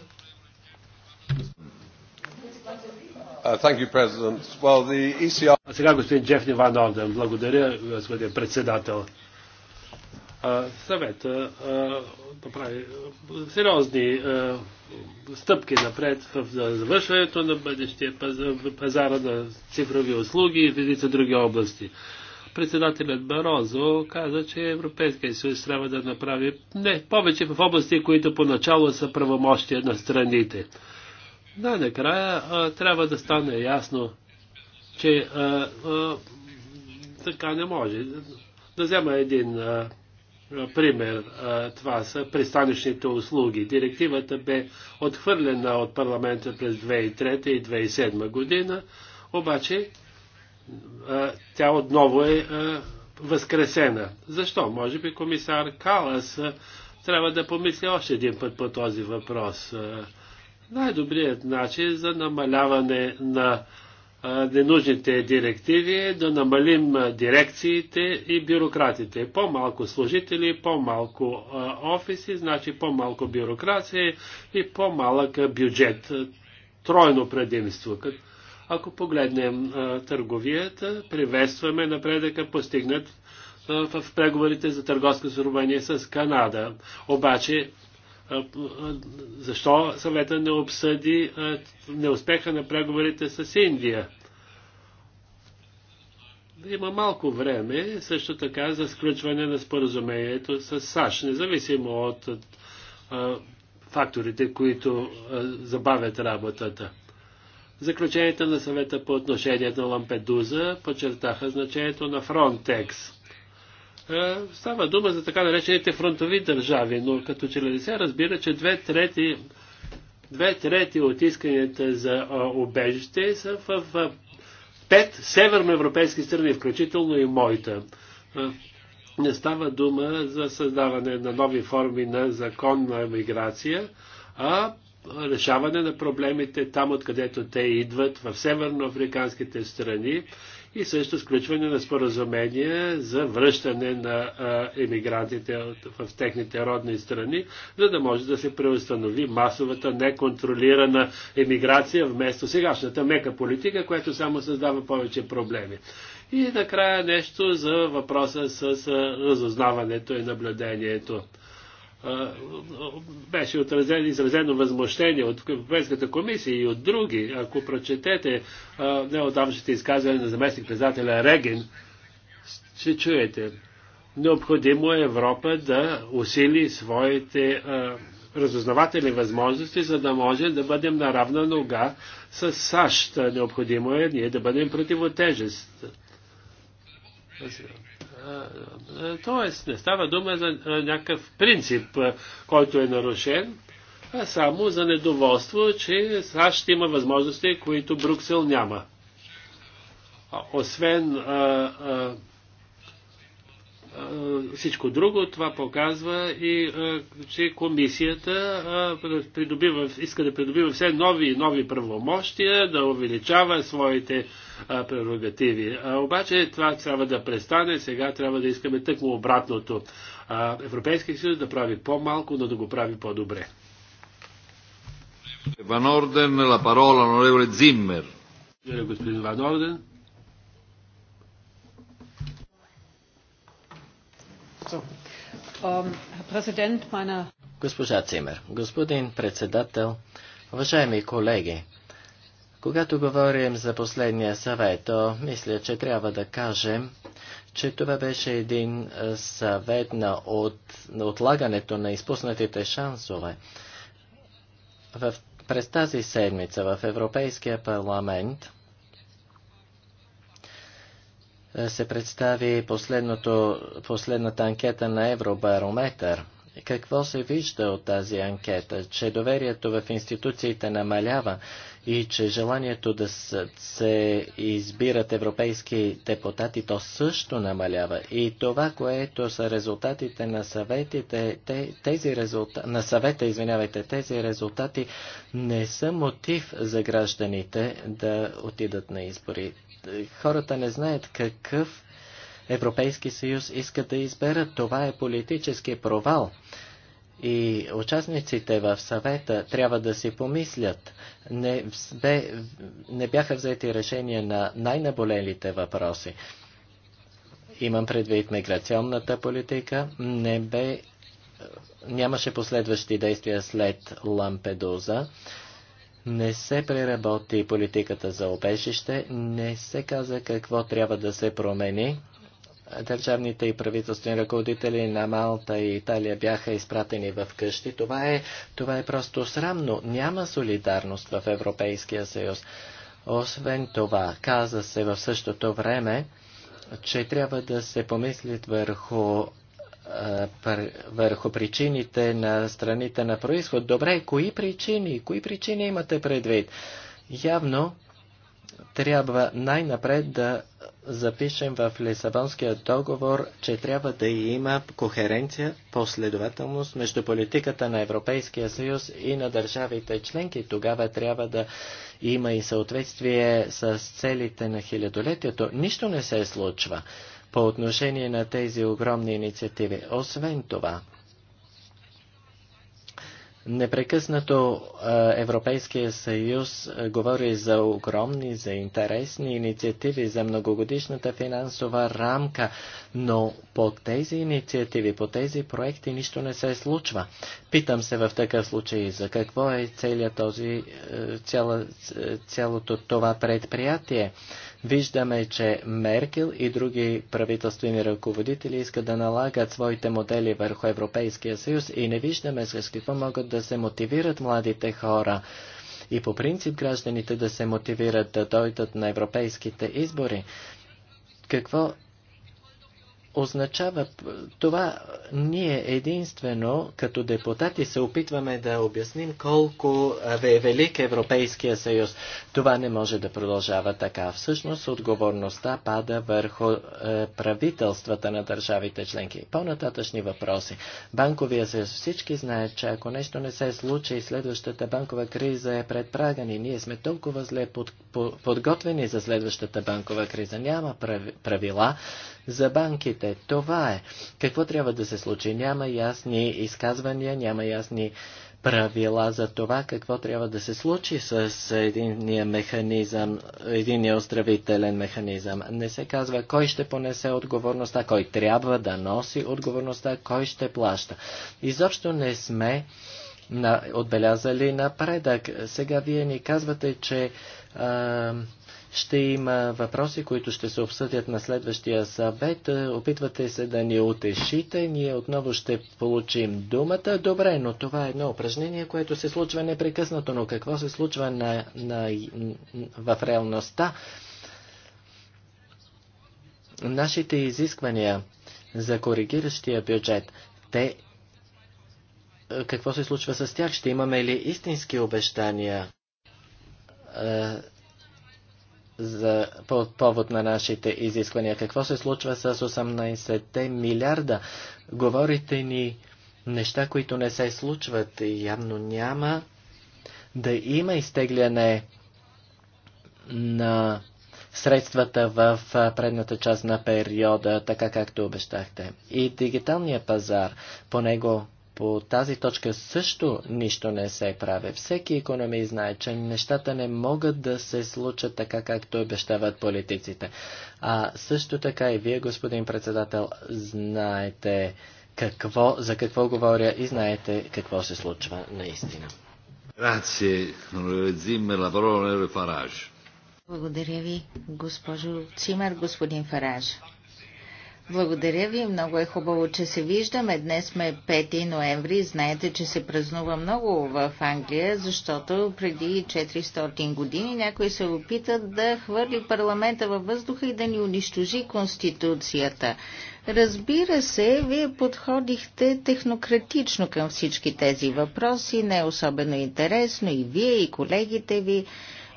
Uh, e а сега господин Джефни Ван Орден. Благодаря, господин председател. Съвет направи сериозни стъпки напред в завършването на бъдещия пазара на цифрови услуги и редица други области председателят Барозо каза, че Европейския съюз трябва да направи не повече в области, които поначало са правомощия на страните. Да, накрая трябва да стане ясно, че а, а, така не може. Да взема един а, пример. А, това са пристанищните услуги. Директивата бе отхвърлена от парламента през 2003 и 2007 година, обаче тя отново е възкресена. Защо? Може би комисар Калас трябва да помисли още един път по този въпрос. Най-добрият начин за намаляване на ненужните директиви е да намалим дирекциите и бюрократите. По-малко служители, по-малко офиси, значи по-малко бюрокрация и по-малък бюджет. Тройно предимство. Като ако погледнем търговията, приветстваме напредъка постигнат в преговорите за търговско сравнение с Канада. Обаче, защо съвета не обсъди неуспеха на преговорите с Индия? Има малко време също така за сключване на споразумението с САЩ, независимо от факторите, които забавят работата. Заключенията на съвета по отношение на Лампедуза подчертаха значението на Фронтекс. Става дума за така наречените фронтови държави, но като че ли се разбира, че две трети, две трети от исканията за обежище са в, в пет северноевропейски страни, включително и моята. Е, не става дума за създаване на нови форми на законна миграция, а решаване на проблемите там, откъдето те идват, в северноафриканските страни и също сключване на споразумение за връщане на емигрантите в техните родни страни, за да може да се преустанови масовата неконтролирана емиграция вместо сегашната мека политика, която само създава повече проблеми. И накрая нещо за въпроса с разузнаването и наблюдението беше отразен, изразено възмущение от Европейската комисия и от други. Ако прочетете неодавшите изказване на заместник председателя Регин, ще чуете. Необходимо е Европа да усили своите разузнавателни възможности, за да може да бъдем на равна нога с САЩ. Необходимо е ние да бъдем противотежест. Тоест, не става дума за някакъв принцип, който е нарушен, а само за недоволство, че САЩ ще има възможности, които Брюксел няма. Освен а, а, а, всичко друго, това показва и, а, че комисията а, придобива, иска да придобива все нови и нови правомощия, да увеличава своите а, прерогативи. А, обаче това трябва да престане, сега трябва да искаме тъкмо обратното. Европейския съюз да прави по-малко, но да го прави по-добре. Ван Орден, ла парола, оноревле Зиммер. Господин Ван Орден. Um, Госпожа Цимер, господин председател, уважаеми колеги, когато говорим за последния съвет, то мисля, че трябва да кажем, че това беше един съвет на, от, на отлагането на изпуснатите шансове. В, през тази седмица в Европейския парламент се представи последната анкета на Евробарометър. Какво се вижда от тази анкета? Че доверието в институциите намалява и че желанието да се избират европейски депутати, то също намалява. И това, което са резултатите на съветите, тези резултати, на съвета, извинявайте, тези резултати не са мотив за гражданите да отидат на избори. Хората не знаят какъв Европейски съюз иска да изберат. Това е политически провал и участниците в съвета трябва да си помислят. Не, бе, не бяха взети решения на най-наболелите въпроси. Имам предвид миграционната политика. Не бе, нямаше последващи действия след Лампедуза. Не се преработи политиката за обежище, не се каза какво трябва да се промени държавните и правителствени ръководители на Малта и Италия бяха изпратени в къщи. Това е, това е просто срамно. Няма солидарност в Европейския съюз. Освен това, каза се в същото време, че трябва да се помислят върху върху причините на страните на происход. Добре, кои причини? Кои причини имате предвид? Явно трябва най-напред да запишем в Лисабонския договор, че трябва да има кохеренция, последователност между политиката на Европейския съюз и на държавите членки. Тогава трябва да има и съответствие с целите на хилядолетието. Нищо не се случва по отношение на тези огромни инициативи. Освен това, Непрекъснато Европейския съюз говори за огромни, за интересни инициативи, за многогодишната финансова рамка, но по тези инициативи, по тези проекти нищо не се случва. Питам се в такъв случай за какво е целият този, цяло, цялото това предприятие. Виждаме, че Меркел и други правителствени ръководители искат да налагат своите модели върху Европейския съюз и не виждаме с какво могат да се мотивират младите хора и по принцип гражданите да се мотивират да дойдат на европейските избори. Какво означава това, ние единствено като депутати се опитваме да обясним колко е велик Европейския съюз. Това не може да продължава така. Всъщност отговорността пада върху е, правителствата на държавите членки. По-нататъчни въпроси. Банковия съюз. Всички знаят, че ако нещо не се случи, следващата банкова криза е пред прага ни. Ние сме толкова зле под, под, подготвени за следващата банкова криза. Няма правила за банките това е. Какво трябва да се случи? Няма ясни изказвания, няма ясни правила за това какво трябва да се случи с единия механизъм, единия оздравителен механизъм. Не се казва кой ще понесе отговорността, кой трябва да носи отговорността, кой ще плаща. Изобщо не сме на, отбелязали напредък. Сега вие ни казвате, че а, ще има въпроси, които ще се обсъдят на следващия съвет. Е, опитвате се да ни утешите. Ние отново ще получим думата. Добре, но това е едно упражнение, което се случва непрекъснато. Но какво се случва на, на, в реалността? Нашите изисквания за коригиращия бюджет, те е, какво се случва с тях? Ще имаме ли истински обещания? Е, за, по повод на нашите изисквания. Какво се случва с 18 милиарда? Говорите ни неща, които не се случват. Явно няма да има изтегляне на средствата в предната част на периода, така както обещахте. И дигиталния пазар, по него по тази точка също нищо не се прави. Всеки економи знае, че нещата не могат да се случат така, както обещават политиците. А също така и вие, господин председател, знаете какво, за какво говоря и знаете какво се случва наистина. Благодаря ви, госпожо Цимер, господин Фараж. Благодаря ви. Много е хубаво, че се виждаме. Днес сме 5 ноември. Знаете, че се празнува много в Англия, защото преди 400 години някой се опита да хвърли парламента във въздуха и да ни унищожи Конституцията. Разбира се, вие подходихте технократично към всички тези въпроси. Не е особено интересно и вие, и колегите ви.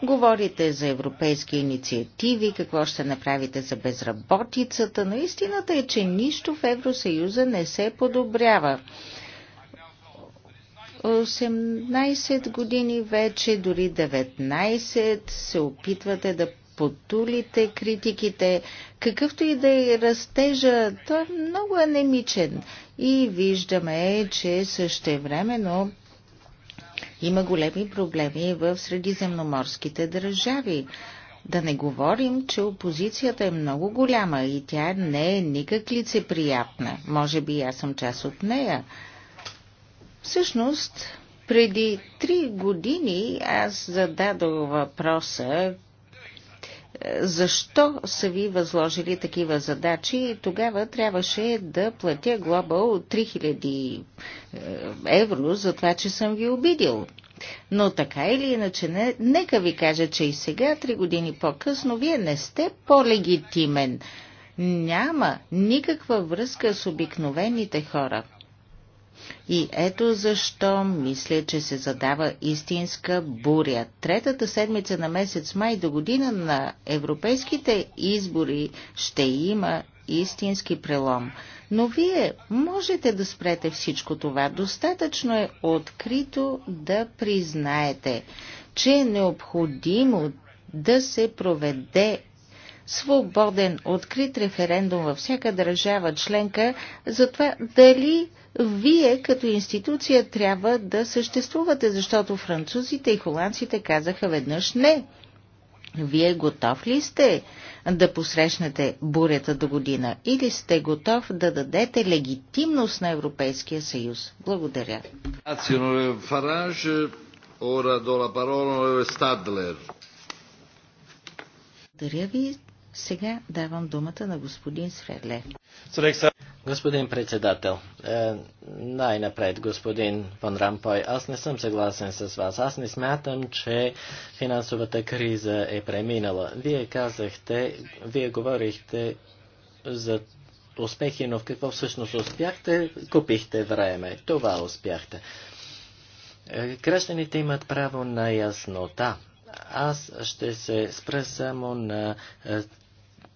Говорите за европейски инициативи, какво ще направите за безработицата, но истината е, че нищо в Евросъюза не се подобрява. 18 години вече, дори 19, се опитвате да потулите критиките, какъвто и да е растежа, той е много анемичен. И виждаме, че същевременно има големи проблеми в средиземноморските държави. Да не говорим, че опозицията е много голяма и тя не е никак лицеприятна. Може би аз съм част от нея. Всъщност, преди три години аз зададох въпроса защо са ви възложили такива задачи и тогава трябваше да платя глоба от 3000 е, евро за това, че съм ви обидил. Но така или иначе, не, нека ви кажа, че и сега, три години по-късно, вие не сте по-легитимен. Няма никаква връзка с обикновените хора. И ето защо мисля, че се задава истинска буря. Третата седмица на месец май до година на европейските избори ще има истински прелом. Но вие можете да спрете всичко това. Достатъчно е открито да признаете, че е необходимо да се проведе свободен, открит референдум във всяка държава членка за това дали вие като институция трябва да съществувате, защото французите и холандците казаха веднъж не. Вие готов ли сте да посрещнете бурята до година или сте готов да дадете легитимност на Европейския съюз? Благодаря. Благодаря ви. Сега давам думата на господин Средле. Господин председател, е, най-напред, господин Ван Рампой, аз не съм съгласен с вас. Аз не смятам, че финансовата криза е преминала. Вие казахте, вие говорихте за успехи, но в какво всъщност успяхте? Купихте време. Това успяхте. Е, гражданите имат право на яснота. Аз ще се спра само на е,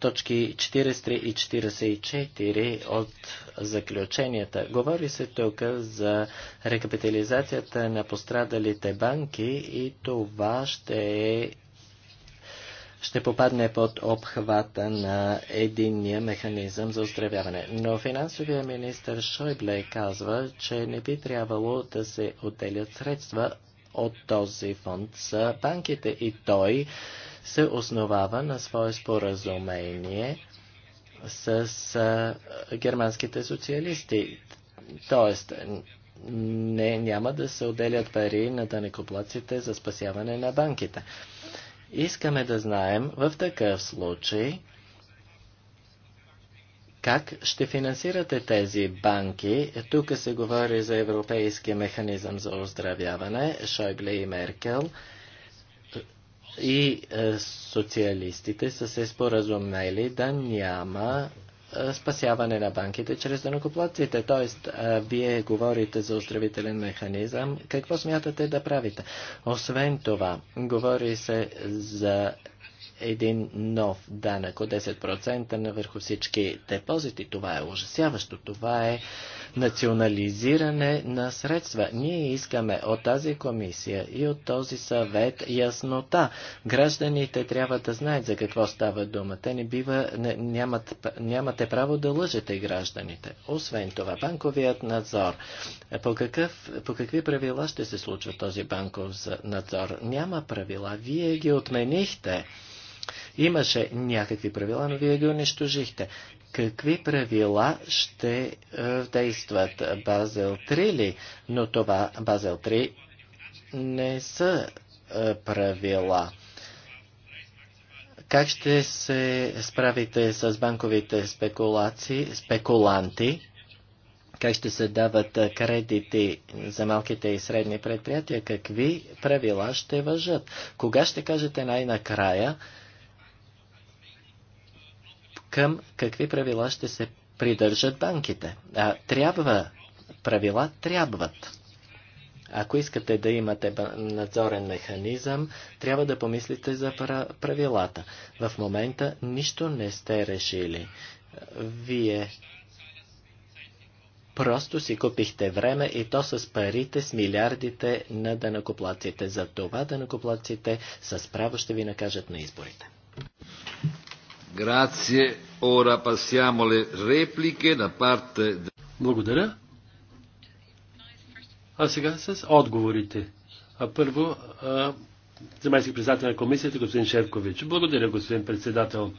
точки 43 и 44 от заключенията. Говори се тук за рекапитализацията на пострадалите банки и това ще е ще попадне под обхвата на единния механизъм за оздравяване. Но финансовия министр Шойбле казва, че не би трябвало да се отделят средства от този фонд за банките и той се основава на свое споразумение с германските социалисти. Тоест, не, няма да се отделят пари на данекоплаците за спасяване на банките. Искаме да знаем в такъв случай как ще финансирате тези банки. Тук се говори за Европейския механизъм за оздравяване. Шойбле и Меркел и е, социалистите са се споразумели да няма е, спасяване на банките чрез данокоплатците. Тоест, е, вие говорите за оздравителен механизъм. Какво смятате да правите? Освен това, говори се за един нов данък от 10% на върху всички депозити. Това е ужасяващо. Това е национализиране на средства. Ние искаме от тази комисия и от този съвет яснота. Гражданите трябва да знаят за какво става дума. Те не бива, не, нямат, нямате право да лъжете гражданите. Освен това, банковият надзор. По, какъв, по какви правила ще се случва този банков надзор? Няма правила. Вие ги отменихте. Имаше някакви правила, но вие ги унищожихте. Какви правила ще е, действат? Базел 3 ли? Но това Базел 3 не са е, правила. Как ще се справите с банковите спекулации, спекуланти? Как ще се дават е, кредити за малките и средни предприятия? Какви правила ще въжат? Кога ще кажете най-накрая, към какви правила ще се придържат банките. А, трябва, правила трябват. Ако искате да имате надзорен механизъм, трябва да помислите за правилата. В момента нищо не сте решили. Вие просто си купихте време и то с парите, с милиардите на данакоплаците. За това данакоплаците с право ще ви накажат на изборите. Grazie. Ora passiamo alle repliche da parte... Благодаря. А сега с отговорите. А първо, заместник председател на комисията, господин Шевкович. Благодаря, господин председател.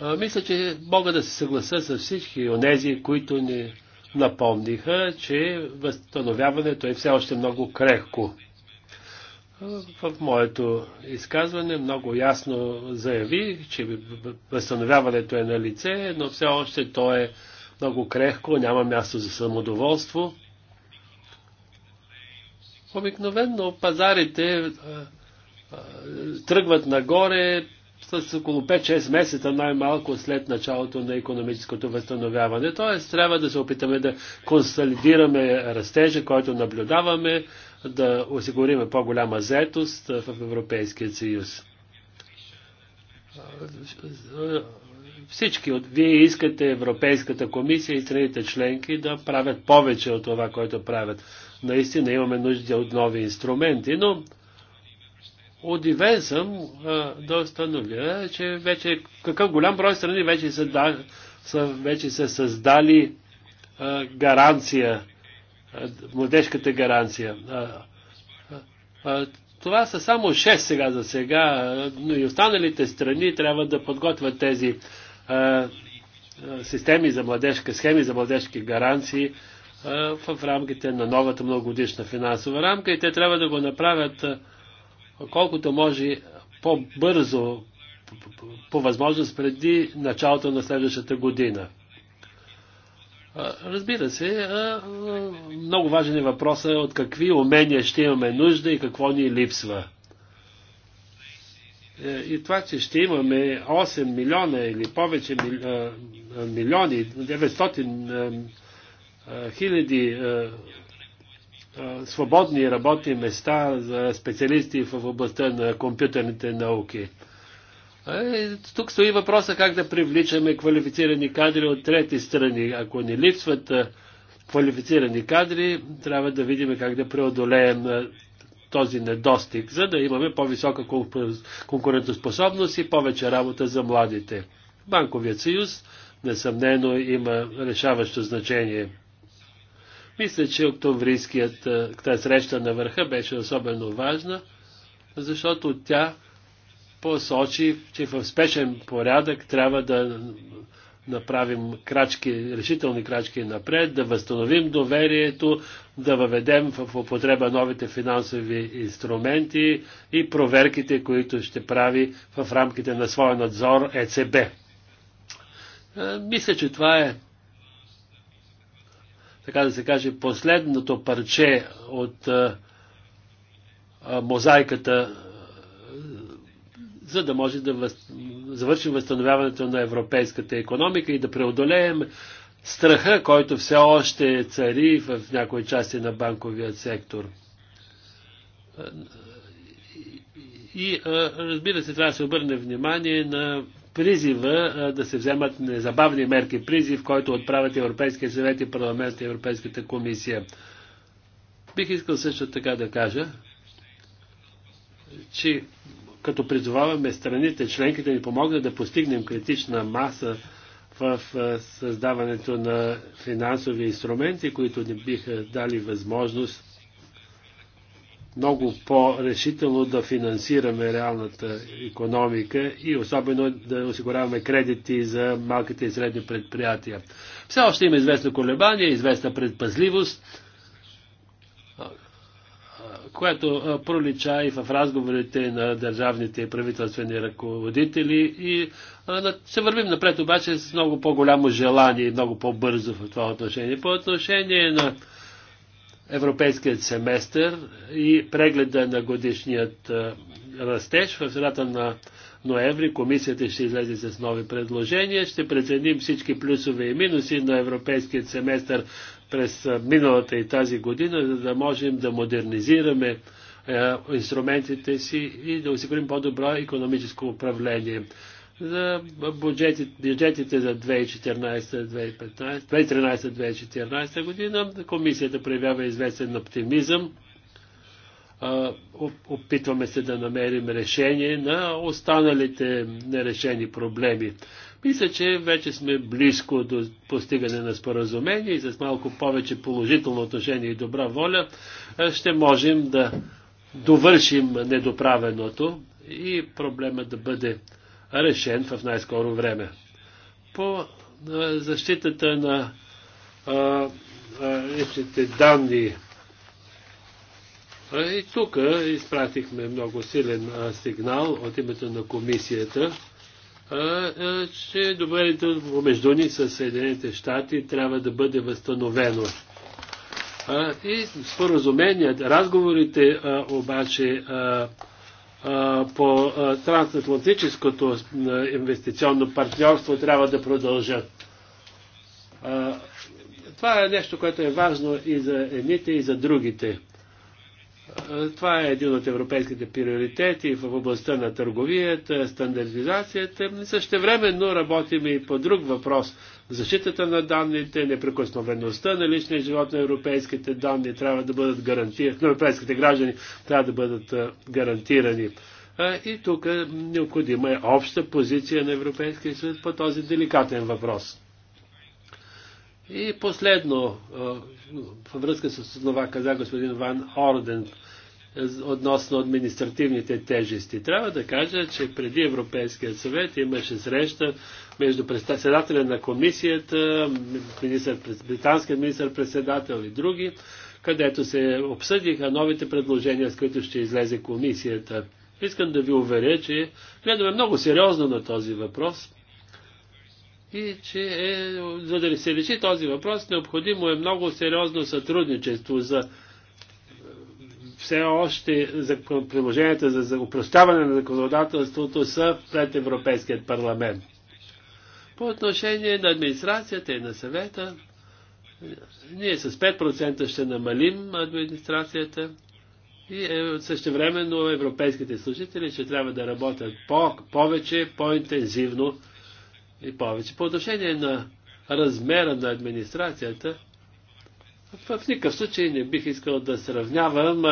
А, мисля, че мога да се съгласа с всички онези, които ни напомниха, че възстановяването е все още много крехко в моето изказване много ясно заявих, че възстановяването е на лице, но все още то е много крехко, няма място за самодоволство. Обикновено пазарите тръгват нагоре с около 5-6 месеца най-малко след началото на економическото възстановяване. Тоест трябва да се опитаме да консолидираме растежа, който наблюдаваме, да осигуриме по-голяма заетост в Европейския съюз. Всички от вие искате Европейската комисия и страните членки да правят повече от това, което правят. Наистина имаме нужда от нови инструменти, но удивен съм да установя, че вече какъв голям брой страни вече са, да, са, вече са създали а, гаранция младежката гаранция. Това са само 6 сега за сега, но и останалите страни трябва да подготвят тези системи за младежка, схеми за младежки гаранции в рамките на новата многогодишна финансова рамка и те трябва да го направят колкото може по-бързо, по възможност преди началото на следващата година. Разбира се, много важен е въпросът от какви умения ще имаме нужда и какво ни липсва. Е, и това, че ще имаме 8 милиона или повече милиони, 900 хиляди свободни работни места за специалисти в областта на компютърните науки – е, тук стои въпроса как да привличаме квалифицирани кадри от трети страни. Ако ни липсват е, квалифицирани кадри, трябва да видим как да преодолеем е, този недостиг, за да имаме по-висока конкурентоспособност и повече работа за младите. Банковият съюз несъмнено има решаващо значение. Мисля, че октомврийският среща на върха беше особено важна, защото тя посочи, че в спешен порядък трябва да направим крачки, решителни крачки напред, да възстановим доверието, да въведем в употреба новите финансови инструменти и проверките, които ще прави в рамките на своя надзор ЕЦБ. Е, мисля, че това е така да се каже, последното парче от е, е, мозайката за да може да въз... завършим възстановяването на европейската економика и да преодолеем страха, който все още цари в някои части на банковия сектор. И разбира се, трябва да се обърне внимание на призива да се вземат незабавни мерки, призив, който отправят Европейския съвет и парламент и Европейската комисия. Бих искал също така да кажа, че като призоваваме страните, членки да ни помогнат да постигнем критична маса в създаването на финансови инструменти, които ни биха дали възможност много по-решително да финансираме реалната економика и особено да осигуряваме кредити за малките и средни предприятия. Все още има известно колебание, известна предпазливост, която пролича и в разговорите на държавните и правителствени ръководители и се вървим напред обаче с много по-голямо желание и много по-бързо в това отношение. По отношение на европейският семестър и прегледа на годишният растеж в средата на ноември комисията ще излезе с нови предложения. Ще преценим всички плюсове и минуси на европейският семестър през миналата и тази година, за да можем да модернизираме инструментите си и да осигурим по-добро економическо управление. За бюджетите, бюджетите за 2013-2014 година комисията проявява известен оптимизъм. Опитваме се да намерим решение на останалите нерешени проблеми. Мисля, че вече сме близко до постигане на споразумение и с малко повече положително отношение и добра воля ще можем да довършим недоправеното и проблема да бъде решен в най-скоро време. По защитата на личните данни. И тук изпратихме много силен сигнал от името на комисията че доверието между ни с Съединените щати трябва да бъде възстановено. И споразуменият, разговорите обаче по трансатлантическото инвестиционно партньорство трябва да продължат. Това е нещо, което е важно и за едните, и за другите. Е, това е един от европейските приоритети в областта на търговията, стандартизацията. Същевременно работим и по друг въпрос. Защитата на данните, неприкосновеността на личния живот на европейските данни трябва да бъдат гарантирани, европейските граждани трябва да бъдат е, гарантирани. Е, и тук необходима е обща позиция на Европейския съюз по този деликатен въпрос. И последно, във връзка с това каза господин Ван Орден, е, относно административните тежести. Трябва да кажа, че преди Европейския съвет имаше среща между председателя на комисията, министр, британския министър-председател и други, където се обсъдиха новите предложения, с които ще излезе комисията. Искам да ви уверя, че гледаме много сериозно на този въпрос и че е, за да се реши този въпрос, необходимо е много сериозно сътрудничество за е, все още за приложенията за, за упростяване на законодателството са пред Европейският парламент. По отношение на администрацията и на съвета, ние с 5% ще намалим администрацията и е, същевременно европейските служители ще трябва да работят по- повече, по-интензивно и повече. По отношение на размера на администрацията, в никакъв случай не бих искал да сравнявам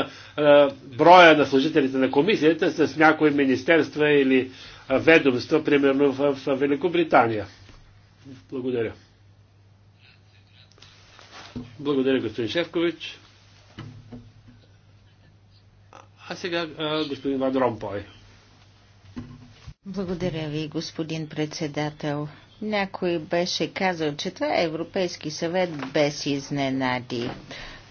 броя на служителите на комисията с някои министерства или ведомства, примерно в, Великобритания. Благодаря. Благодаря, господин Шевкович. А сега господин Ван Ромпой. Благодаря ви, господин председател. Някой беше казал, че това е Европейски съвет без изненади.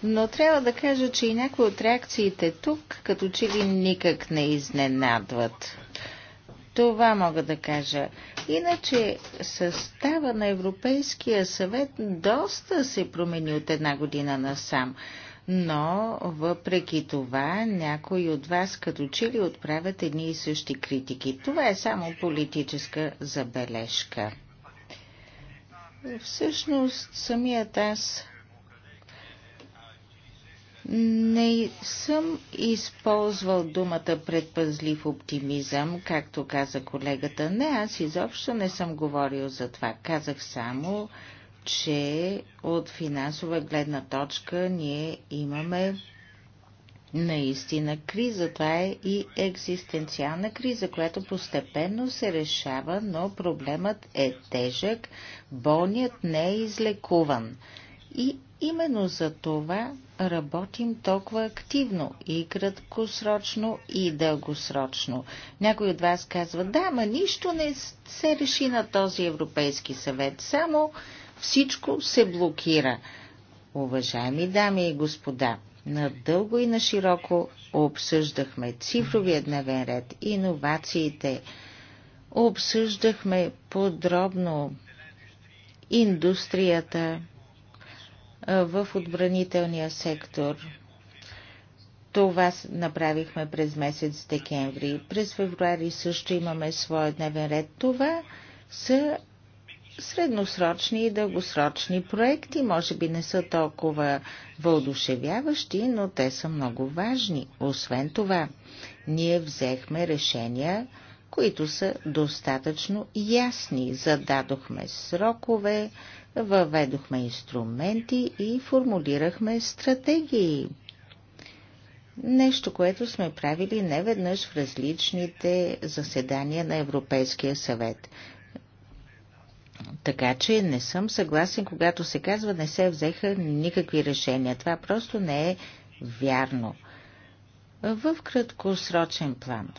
Но трябва да кажа, че и някои от реакциите тук като че ли никак не изненадват. Това мога да кажа. Иначе състава на Европейския съвет доста се промени от една година насам но въпреки това някои от вас като че ли отправят едни и същи критики. Това е само политическа забележка. Всъщност самият аз не съм използвал думата предпазлив оптимизъм, както каза колегата. Не, аз изобщо не съм говорил за това. Казах само, че от финансова гледна точка ние имаме наистина криза. Това е и екзистенциална криза, която постепенно се решава, но проблемът е тежък, болният не е излекуван. И именно за това работим толкова активно и краткосрочно, и дългосрочно. Някой от вас казва, да, ма нищо не се реши на този Европейски съвет, само всичко се блокира. Уважаеми дами и господа, надълго и на широко обсъждахме цифровия дневен ред, иновациите, обсъждахме подробно индустрията в отбранителния сектор. Това направихме през месец декември. През февруари също имаме своя дневен ред. Това са средносрочни и дългосрочни проекти. Може би не са толкова вълдушевяващи, но те са много важни. Освен това, ние взехме решения, които са достатъчно ясни. Зададохме срокове, въведохме инструменти и формулирахме стратегии. Нещо, което сме правили неведнъж в различните заседания на Европейския съвет. Така че не съм съгласен, когато се казва не се взеха никакви решения. Това просто не е вярно. В краткосрочен план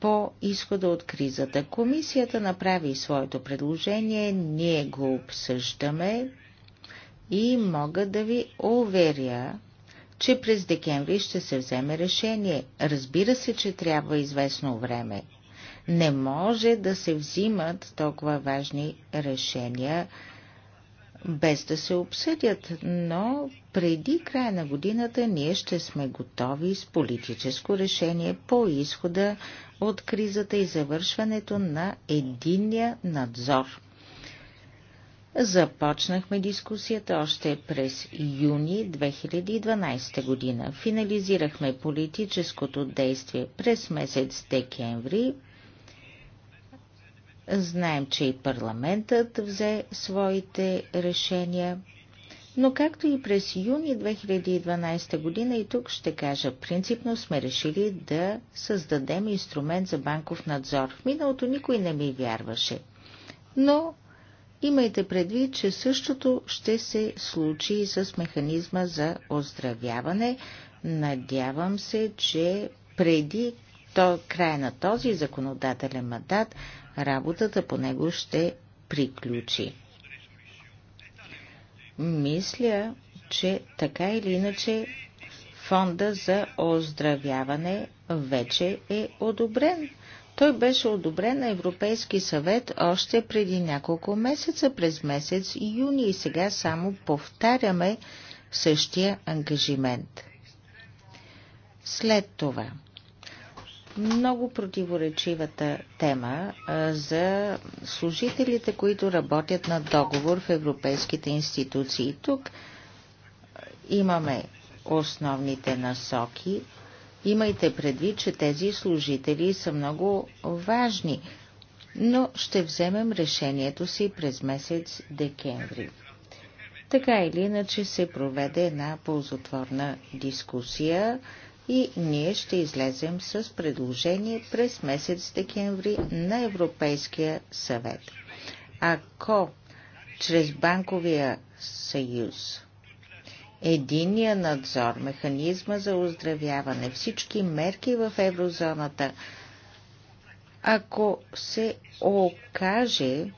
по изхода от кризата. Комисията направи своето предложение, ние го обсъждаме и мога да ви уверя, че през декември ще се вземе решение. Разбира се, че трябва известно време не може да се взимат толкова важни решения без да се обсъдят, но преди края на годината ние ще сме готови с политическо решение по изхода от кризата и завършването на единния надзор. Започнахме дискусията още през юни 2012 година. Финализирахме политическото действие през месец декември Знаем, че и парламентът взе своите решения. Но както и през юни 2012 година и тук ще кажа, принципно сме решили да създадем инструмент за банков надзор. В миналото никой не ми вярваше. Но имайте предвид, че същото ще се случи и с механизма за оздравяване. Надявам се, че преди то края на този законодателен мандат работата по него ще приключи. Мисля, че така или иначе фонда за оздравяване вече е одобрен. Той беше одобрен на Европейски съвет още преди няколко месеца, през месец юни и сега само повтаряме същия ангажимент. След това – много противоречивата тема за служителите, които работят на договор в европейските институции. Тук имаме основните насоки. Имайте предвид, че тези служители са много важни, но ще вземем решението си през месец декември. Така или иначе се проведе една ползотворна дискусия и ние ще излезем с предложение през месец декември на Европейския съвет. Ако чрез банковия съюз единия надзор, механизма за оздравяване, всички мерки в еврозоната, ако се окаже,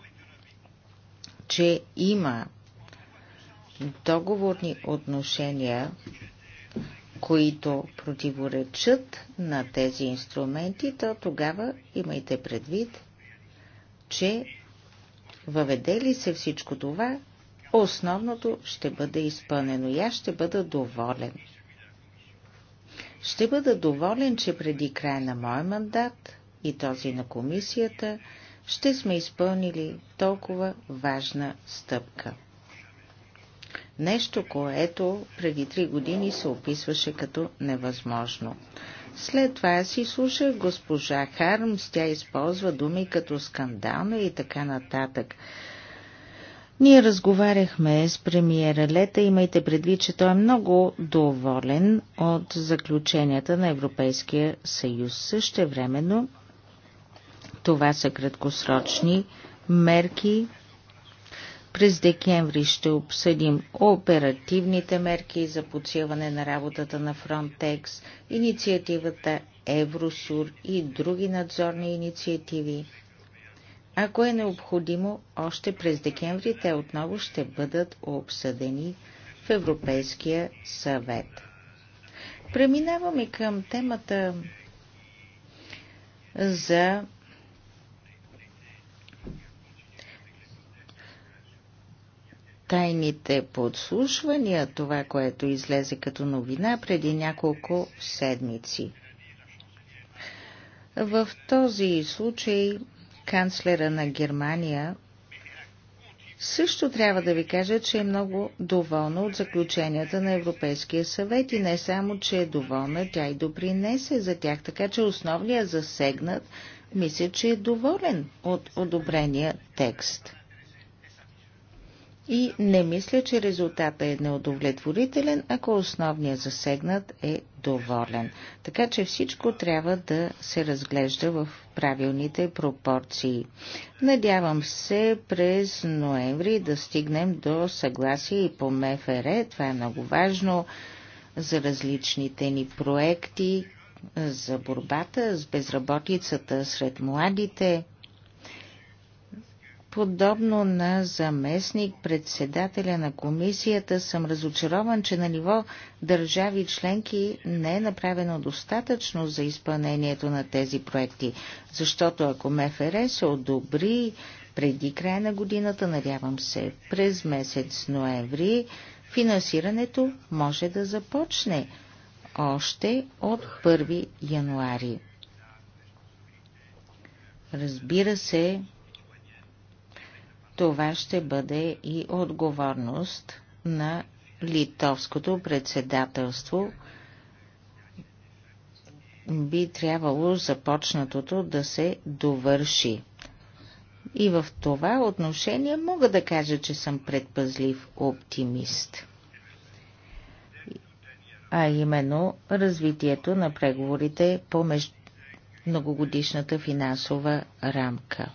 че има договорни отношения които противоречат на тези инструменти, то тогава имайте предвид, че въведе ли се всичко това, основното ще бъде изпълнено и аз ще бъда доволен. Ще бъда доволен, че преди края на моя мандат и този на комисията ще сме изпълнили толкова важна стъпка. Нещо, което преди три години се описваше като невъзможно. След това си слушах госпожа Хармс, тя използва думи като скандално и така нататък. Ние разговаряхме с премиера Лета, имайте предвид, че той е много доволен от заключенията на Европейския съюз. времено това са краткосрочни мерки, през декември ще обсъдим оперативните мерки за подсилване на работата на Frontex, инициативата Евросур и други надзорни инициативи. Ако е необходимо, още през декември те отново ще бъдат обсъдени в Европейския съвет. Преминаваме към темата за тайните подслушвания, това, което излезе като новина преди няколко седмици. В този случай канцлера на Германия също трябва да ви кажа, че е много доволна от заключенията на Европейския съвет и не само, че е доволна, тя и допринесе за тях, така че основният засегнат мисля, че е доволен от одобрения текст. И не мисля, че резултата е неудовлетворителен, ако основният засегнат е доволен. Така че всичко трябва да се разглежда в правилните пропорции. Надявам се през ноември да стигнем до съгласие и по МФР. Това е много важно за различните ни проекти, за борбата с безработицата сред младите. Подобно на заместник председателя на комисията съм разочарован, че на ниво държави членки не е направено достатъчно за изпълнението на тези проекти, защото ако МФР се одобри преди края на годината, надявам се, през месец ноември, финансирането може да започне още от 1 януари. Разбира се, това ще бъде и отговорност на литовското председателство. Би трябвало започнатото да се довърши. И в това отношение мога да кажа, че съм предпазлив оптимист. А именно развитието на преговорите по между многогодишната финансова рамка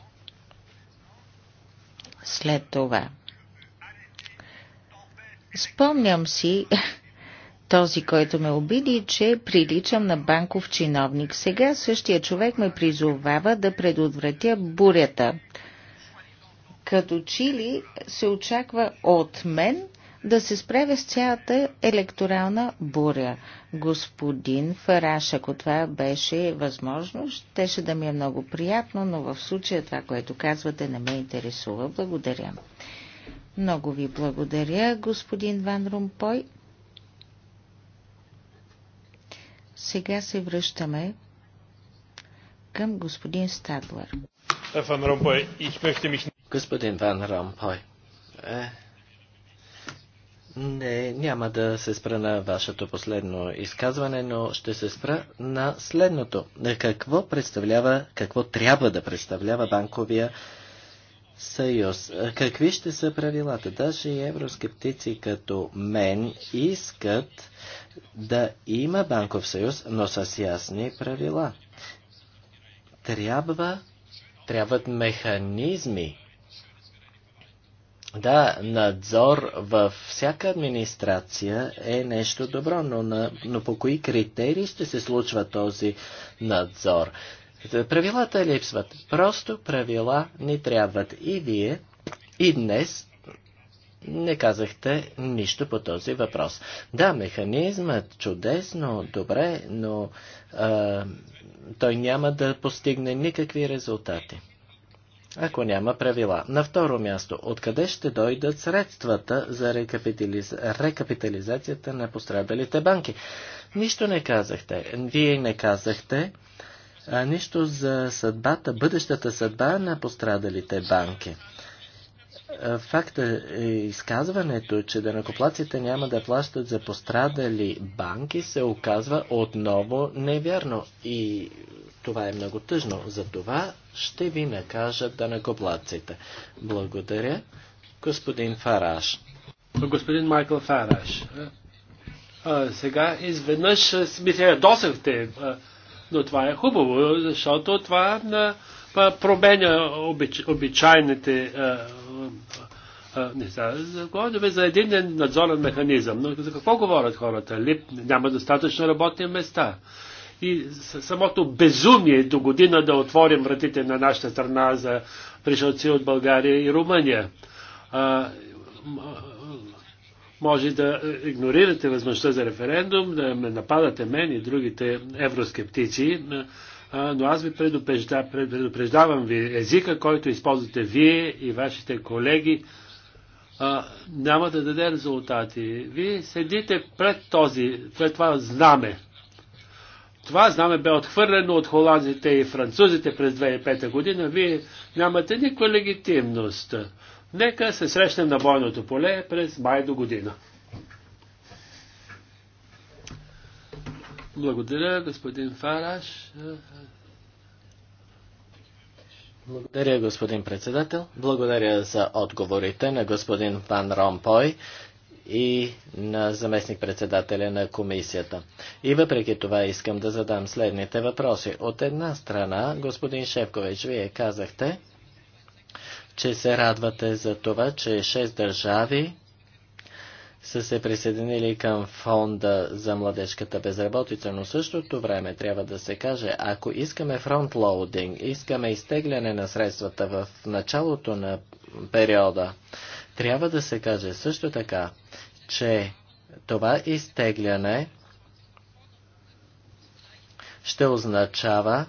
след това. Спомням си <laughs> този, който ме обиди, че приличам на банков чиновник. Сега същия човек ме призовава да предотвратя бурята. Като чили се очаква от мен да се справя с цялата електорална буря. Господин Фараш, ако това беше възможно, щеше да ми е много приятно, но в случая това, което казвате, не ме интересува. Благодаря. Много ви благодаря, господин Ван Румпой. Сега се връщаме към господин Стадлер. Господин Ван Ромпой, е, не, няма да се спра на вашето последно изказване, но ще се спра на следното. Какво представлява, какво трябва да представлява банковия съюз? Какви ще са правилата? Даже и евроскептици като мен искат да има банков съюз, но с ясни правила. Трябва, трябват механизми, да, надзор във всяка администрация е нещо добро, но, на, но по кои критерии ще се случва този надзор? Правилата липсват. Просто правила ни трябват. И вие, и днес не казахте нищо по този въпрос. Да, механизмът чудесно, добре, но а, той няма да постигне никакви резултати ако няма правила. На второ място, откъде ще дойдат средствата за рекапитализ... рекапитализацията на пострадалите банки? Нищо не казахте. Вие не казахте а, нищо за съдбата, бъдещата съдба на пострадалите банки. Факта е изказването, че денакоплаците няма да плащат за пострадали банки, се оказва отново невярно. И това е много тъжно. За това ще ви накажат данъкоплатците. Благодаря, господин Фараш. Господин Майкъл Фараш, а, сега изведнъж ми се ядосахте, но това е хубаво, защото това а, променя обич, обичайните а, а, неща. за, за един надзорен механизъм. Но за какво говорят хората? Лип, няма достатъчно работни места и самото безумие до година да отворим вратите на нашата страна за пришелци от България и Румъния. А, може да игнорирате възможността за референдум, да ме нападате мен и другите евроскептици, но аз ви предупрежда, предупреждавам ви, езика, който използвате вие и вашите колеги, а, няма да даде резултати. Вие седите пред, този, пред това знаме това знаме бе отхвърлено от холандците и французите през 2005 година, вие нямате никаква легитимност. Нека се срещнем на бойното поле през май до година. Благодаря, господин Фараш. Благодаря, господин председател. Благодаря за отговорите на господин Ван Ромпой и на заместник-председателя на комисията. И въпреки това искам да задам следните въпроси. От една страна, господин Шевкович, вие казахте, че се радвате за това, че 6 държави са се присъединили към фонда за младежката безработица, но същото време трябва да се каже, ако искаме фронтлоудинг, искаме изтегляне на средствата в началото на периода, трябва да се каже също така, че това изтегляне ще означава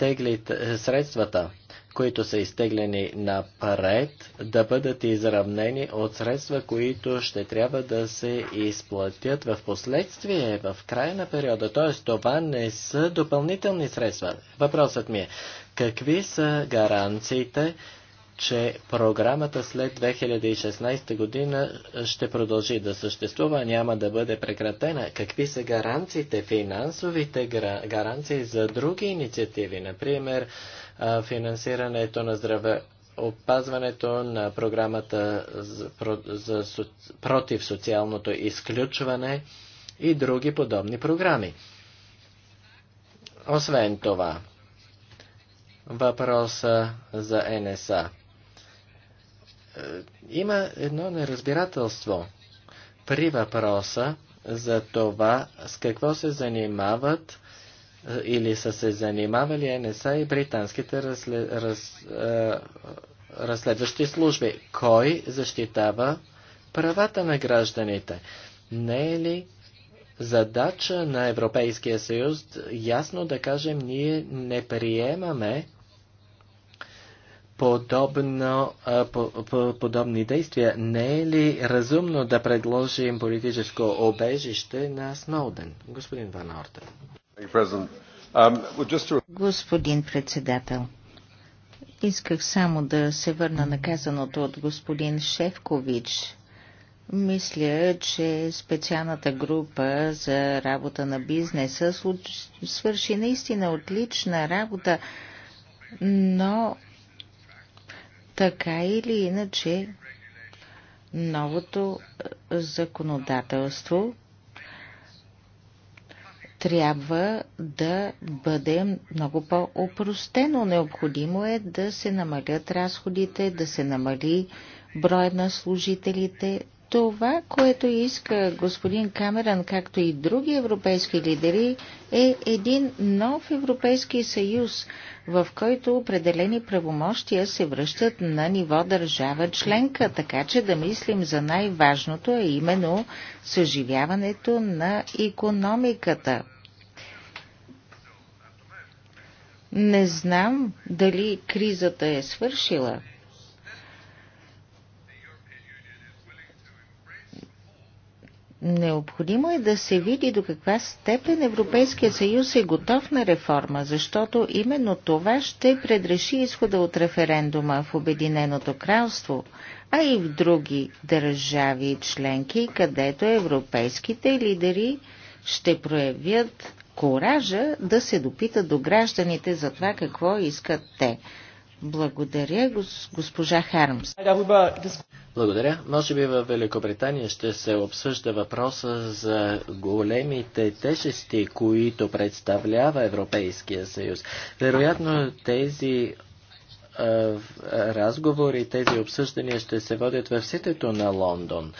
е, средствата, които са изтеглени напред, да бъдат изравнени от средства, които ще трябва да се изплатят в последствие, в края на периода. Т.е. това не са допълнителни средства. Въпросът ми е, какви са гаранциите, че програмата след 2016 година ще продължи да съществува, няма да бъде прекратена. Какви са гаранциите, финансовите гаранции за други инициативи, например финансирането на здраве, опазването на програмата за, за, за, против социалното изключване и други подобни програми. Освен това, въпроса за НСА. Е, има едно неразбирателство при въпроса за това с какво се занимават е, или са се занимавали НСА и британските разле, раз, а, е, разследващи служби. Кой защитава правата на гражданите? Не е ли задача на Европейския съюз ясно да кажем, ние не приемаме подобно, по, по, подобни действия. Не е ли разумно да предложим политическо обежище на Сноуден? Господин Ван Орден. Um, господин председател, исках само да се върна на казаното от господин Шефкович. Мисля, че специалната група за работа на бизнеса свърши наистина отлична работа, но така или иначе, новото е, законодателство трябва да бъде много по-опростено. Необходимо е да се намалят разходите, да се намали броя на служителите, това, което иска господин Камеран, както и други европейски лидери, е един нов Европейски съюз, в който определени правомощия се връщат на ниво държава членка, така че да мислим за най-важното, е именно съживяването на економиката. Не знам дали кризата е свършила – Необходимо е да се види до каква степен Европейският съюз е готов на реформа, защото именно това ще предреши изхода от референдума в Обединеното кралство, а и в други държави и членки, където европейските лидери ще проявят коража да се допитат до гражданите за това какво искат те. Благодаря, госпожа Хармс. Благодаря. Може би в Великобритания ще се обсъжда въпроса за големите тежести, които представлява Европейския съюз. Вероятно тези разговори, тези обсъждания ще се водят в сетето на Лондон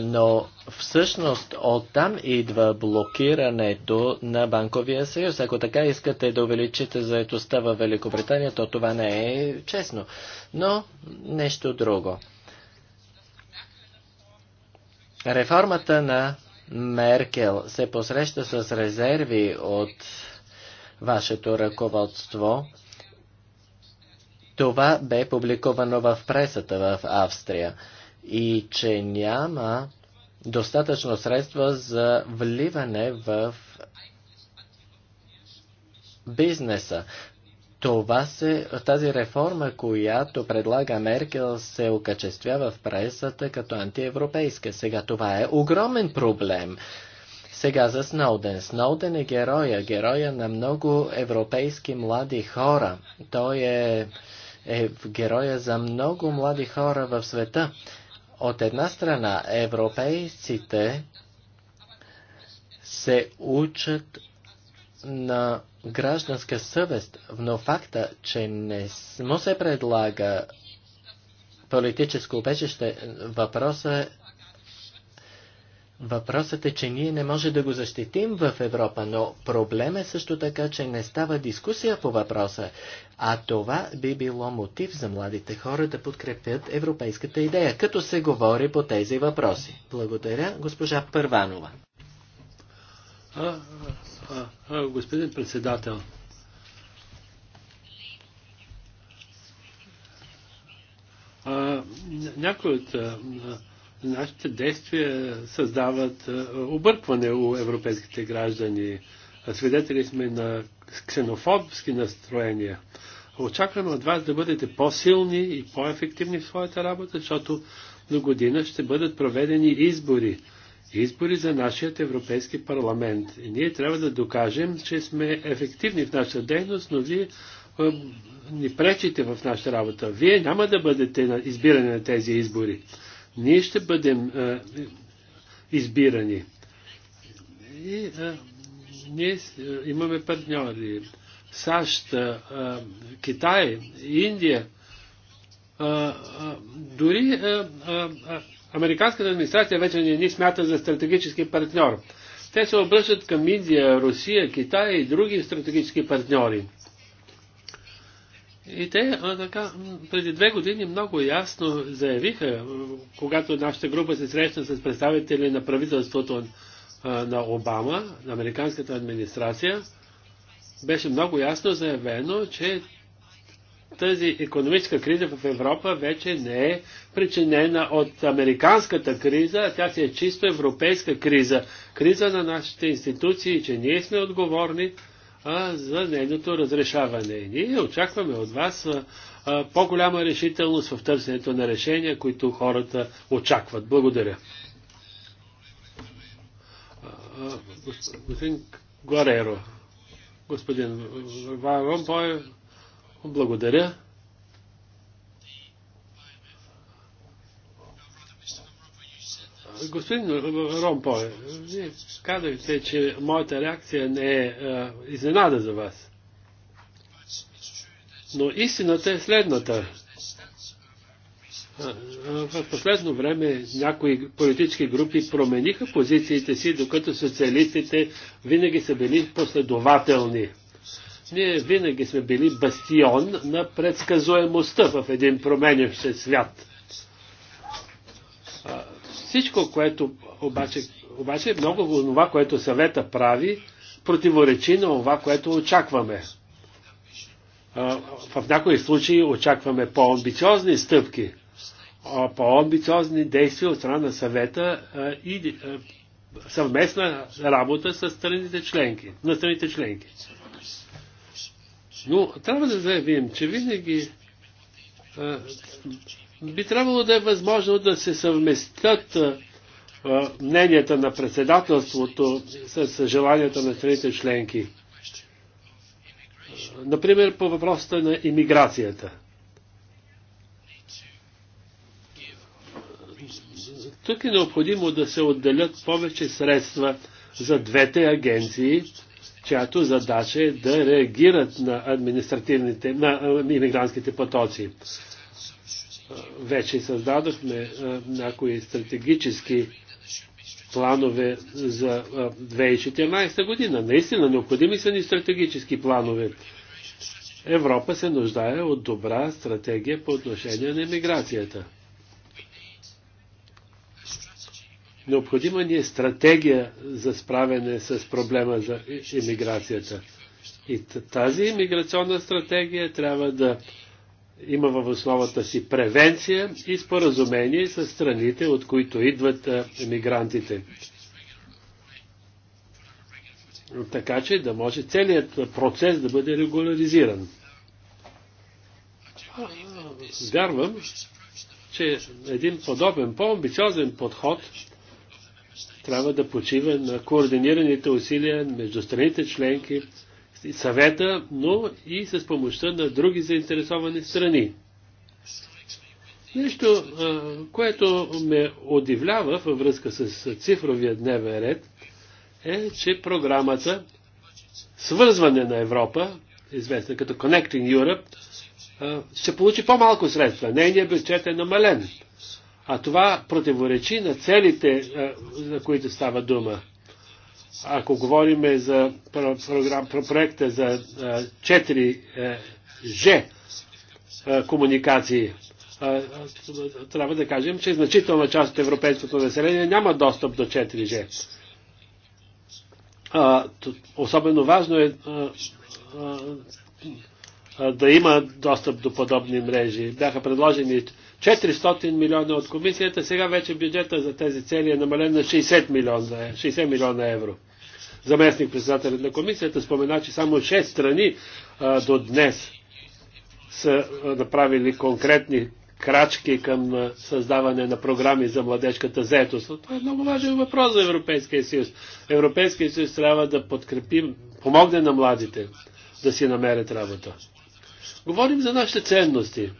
но всъщност оттам идва блокирането на банковия съюз. Ако така искате да увеличите заетостта в Великобритания, то това не е честно. Но нещо друго. Реформата на Меркел се посреща с резерви от вашето ръководство. Това бе публикувано в пресата в Австрия и че няма достатъчно средства за вливане в бизнеса. Това се, тази реформа, която предлага Меркел, се окачествява в пресата като антиевропейска. Сега това е огромен проблем. Сега за Сноуден. Сноуден е героя, героя на много европейски млади хора. Той е, е героя за много млади хора в света. От една страна, европейците се учат на гражданска съвест, но факта, че не му се предлага политическо убежище, въпросът е. Въпросът е, че ние не може да го защитим в Европа, но проблем е също така, че не става дискусия по въпроса, а това би било мотив за младите хора да подкрепят европейската идея, като се говори по тези въпроси. Благодаря, госпожа Първанова. А, а, а, господин председател, а, някой от а, Нашите действия създават е, объркване у европейските граждани. Свидетели сме на ксенофобски настроения. Очакваме от вас да бъдете по-силни и по-ефективни в своята работа, защото до година ще бъдат проведени избори. Избори за нашият Европейски парламент. И ние трябва да докажем, че сме ефективни в нашата дейност, но вие е, ни пречите в нашата работа. Вие няма да бъдете избирани на тези избори ние ще бъдем а, избирани. И а, ние имаме партньори. САЩ, а, Китай, Индия. А, а, дори а, а, американската администрация вече не ни смята за стратегически партньор. Те се обръщат към Индия, Русия, Китай и други стратегически партньори. И те така, преди две години много ясно заявиха, когато нашата група се срещна с представители на правителството на Обама, на американската администрация, беше много ясно заявено, че тази економическа криза в Европа вече не е причинена от американската криза, а тя си е чисто европейска криза. Криза на нашите институции, че ние сме отговорни а, за нейното разрешаване. Ние очакваме от вас по-голяма решителност в търсенето на решения, които хората очакват. Благодаря. Господин Гореро, господин Варон, благодаря. Господин Ромпой, вие казахте, че моята реакция не е а, изненада за вас. Но истината е следната. В последно време някои политически групи промениха позициите си, докато социалистите винаги са били последователни. Ние винаги сме били бастион на предсказуемостта в един променящ свят. Всичко, което обаче, обаче е много от това, което съвета прави, противоречи на това, което очакваме. В някои случаи очакваме по-амбициозни стъпки, по-амбициозни действия от страна на съвета и съвместна работа с страните членки, на страните членки. Но трябва да заявим, че винаги би трябвало да е възможно да се съвместят мненията на председателството с желанията на страните членки. Например, по въпросата на иммиграцията. Тук е необходимо да се отделят повече средства за двете агенции, чиято задача е да реагират на административните, на иммигрантските потоци вече създадохме някои стратегически планове за 2014 година. Наистина необходими са ни стратегически планове. Европа се нуждае от добра стратегия по отношение на емиграцията. Необходима ни е стратегия за справяне с проблема за емиграцията. И тази иммиграционна стратегия трябва да има в основата си превенция и споразумение с страните, от които идват емигрантите. Така че да може целият процес да бъде регуляризиран. Вярвам, че един подобен, по-амбициозен подход трябва да почива на координираните усилия между страните членки, съвета, но и с помощта на други заинтересовани страни. Нещо, което ме удивлява във връзка с цифровия дневен ред, е, че програмата Свързване на Европа, известна като Connecting Europe, ще получи по-малко средства. Нейният бюджет е намален. А това противоречи на целите, за които става дума ако говорим за програм, проекта за 4G е, е, комуникации, е, трябва да кажем, че значителна част от европейското население няма достъп до 4G. Особено важно е да има достъп до подобни мрежи. Бяха предложени 400 милиона от комисията, сега вече бюджета за тези цели е намален на 60 милиона, 60 милиона евро. Заместник председателят на комисията спомена, че само 6 страни а, до днес са направили конкретни крачки към създаване на програми за младежката заетост. Това е много важен въпрос за Европейския съюз. Европейския съюз трябва да подкрепи, помогне на младите да си намерят работа. Говорим за нашите ценности.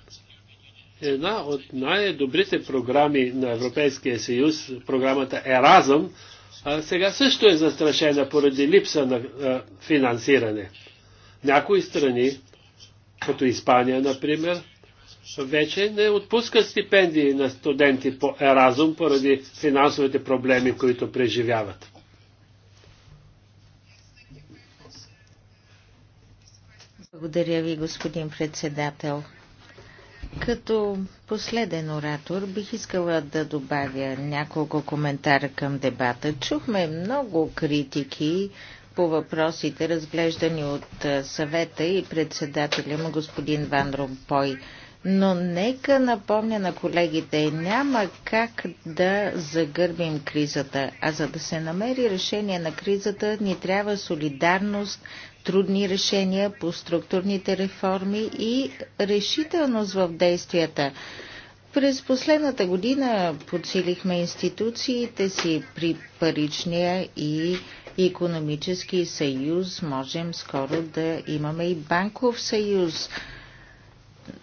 Една от най-добрите програми на Европейския съюз, програмата Еразъм, сега също е застрашена поради липса на финансиране. Някои страни, като Испания, например, вече не отпускат стипендии на студенти по Еразум поради финансовите проблеми, които преживяват. Благодаря ви, господин председател. Като последен оратор бих искала да добавя няколко коментара към дебата. Чухме много критики по въпросите, разглеждани от съвета и председателя му господин Ван Ромпой. Но нека напомня на колегите, няма как да загърбим кризата, а за да се намери решение на кризата ни трябва солидарност, трудни решения по структурните реформи и решителност в действията. През последната година подсилихме институциите си при паричния и економически съюз. Можем скоро да имаме и банков съюз.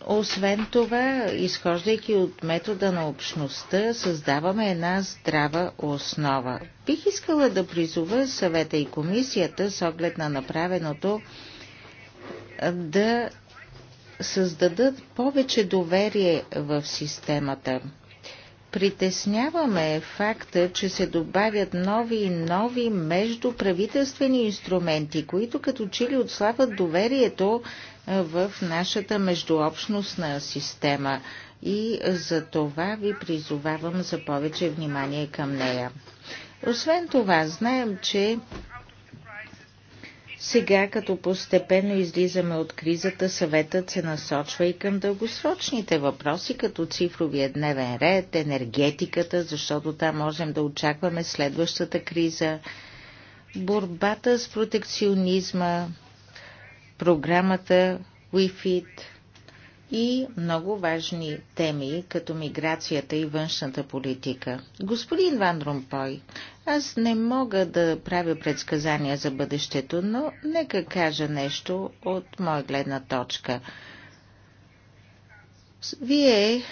Освен това, изхождайки от метода на общността, създаваме една здрава основа. Бих искала да призова съвета и комисията с оглед на направеното да създадат повече доверие в системата. Притесняваме факта, че се добавят нови и нови междуправителствени инструменти, които като че ли отслабват доверието в нашата междуобщностна система и за това ви призовавам за повече внимание към нея. Освен това, знаем, че сега, като постепенно излизаме от кризата, съветът се насочва и към дългосрочните въпроси, като цифровия дневен ред, енергетиката, защото там можем да очакваме следващата криза, борбата с протекционизма, програмата WeFit – и много важни теми, като миграцията и външната политика. Господин Ван Румпой, аз не мога да правя предсказания за бъдещето, но нека кажа нещо от моя гледна точка. Вие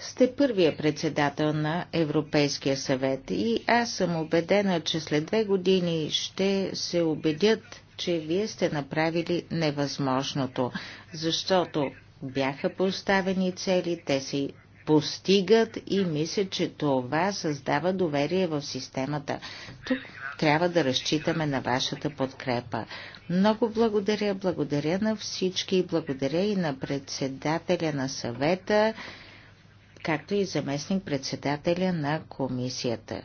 сте първия председател на Европейския съвет и аз съм убедена, че след две години ще се убедят, че вие сте направили невъзможното, защото бяха поставени цели, те се постигат и мисля, че това създава доверие в системата. Тук трябва да разчитаме на вашата подкрепа. Много благодаря, благодаря на всички, благодаря и на председателя на съвета, както и заместник председателя на комисията.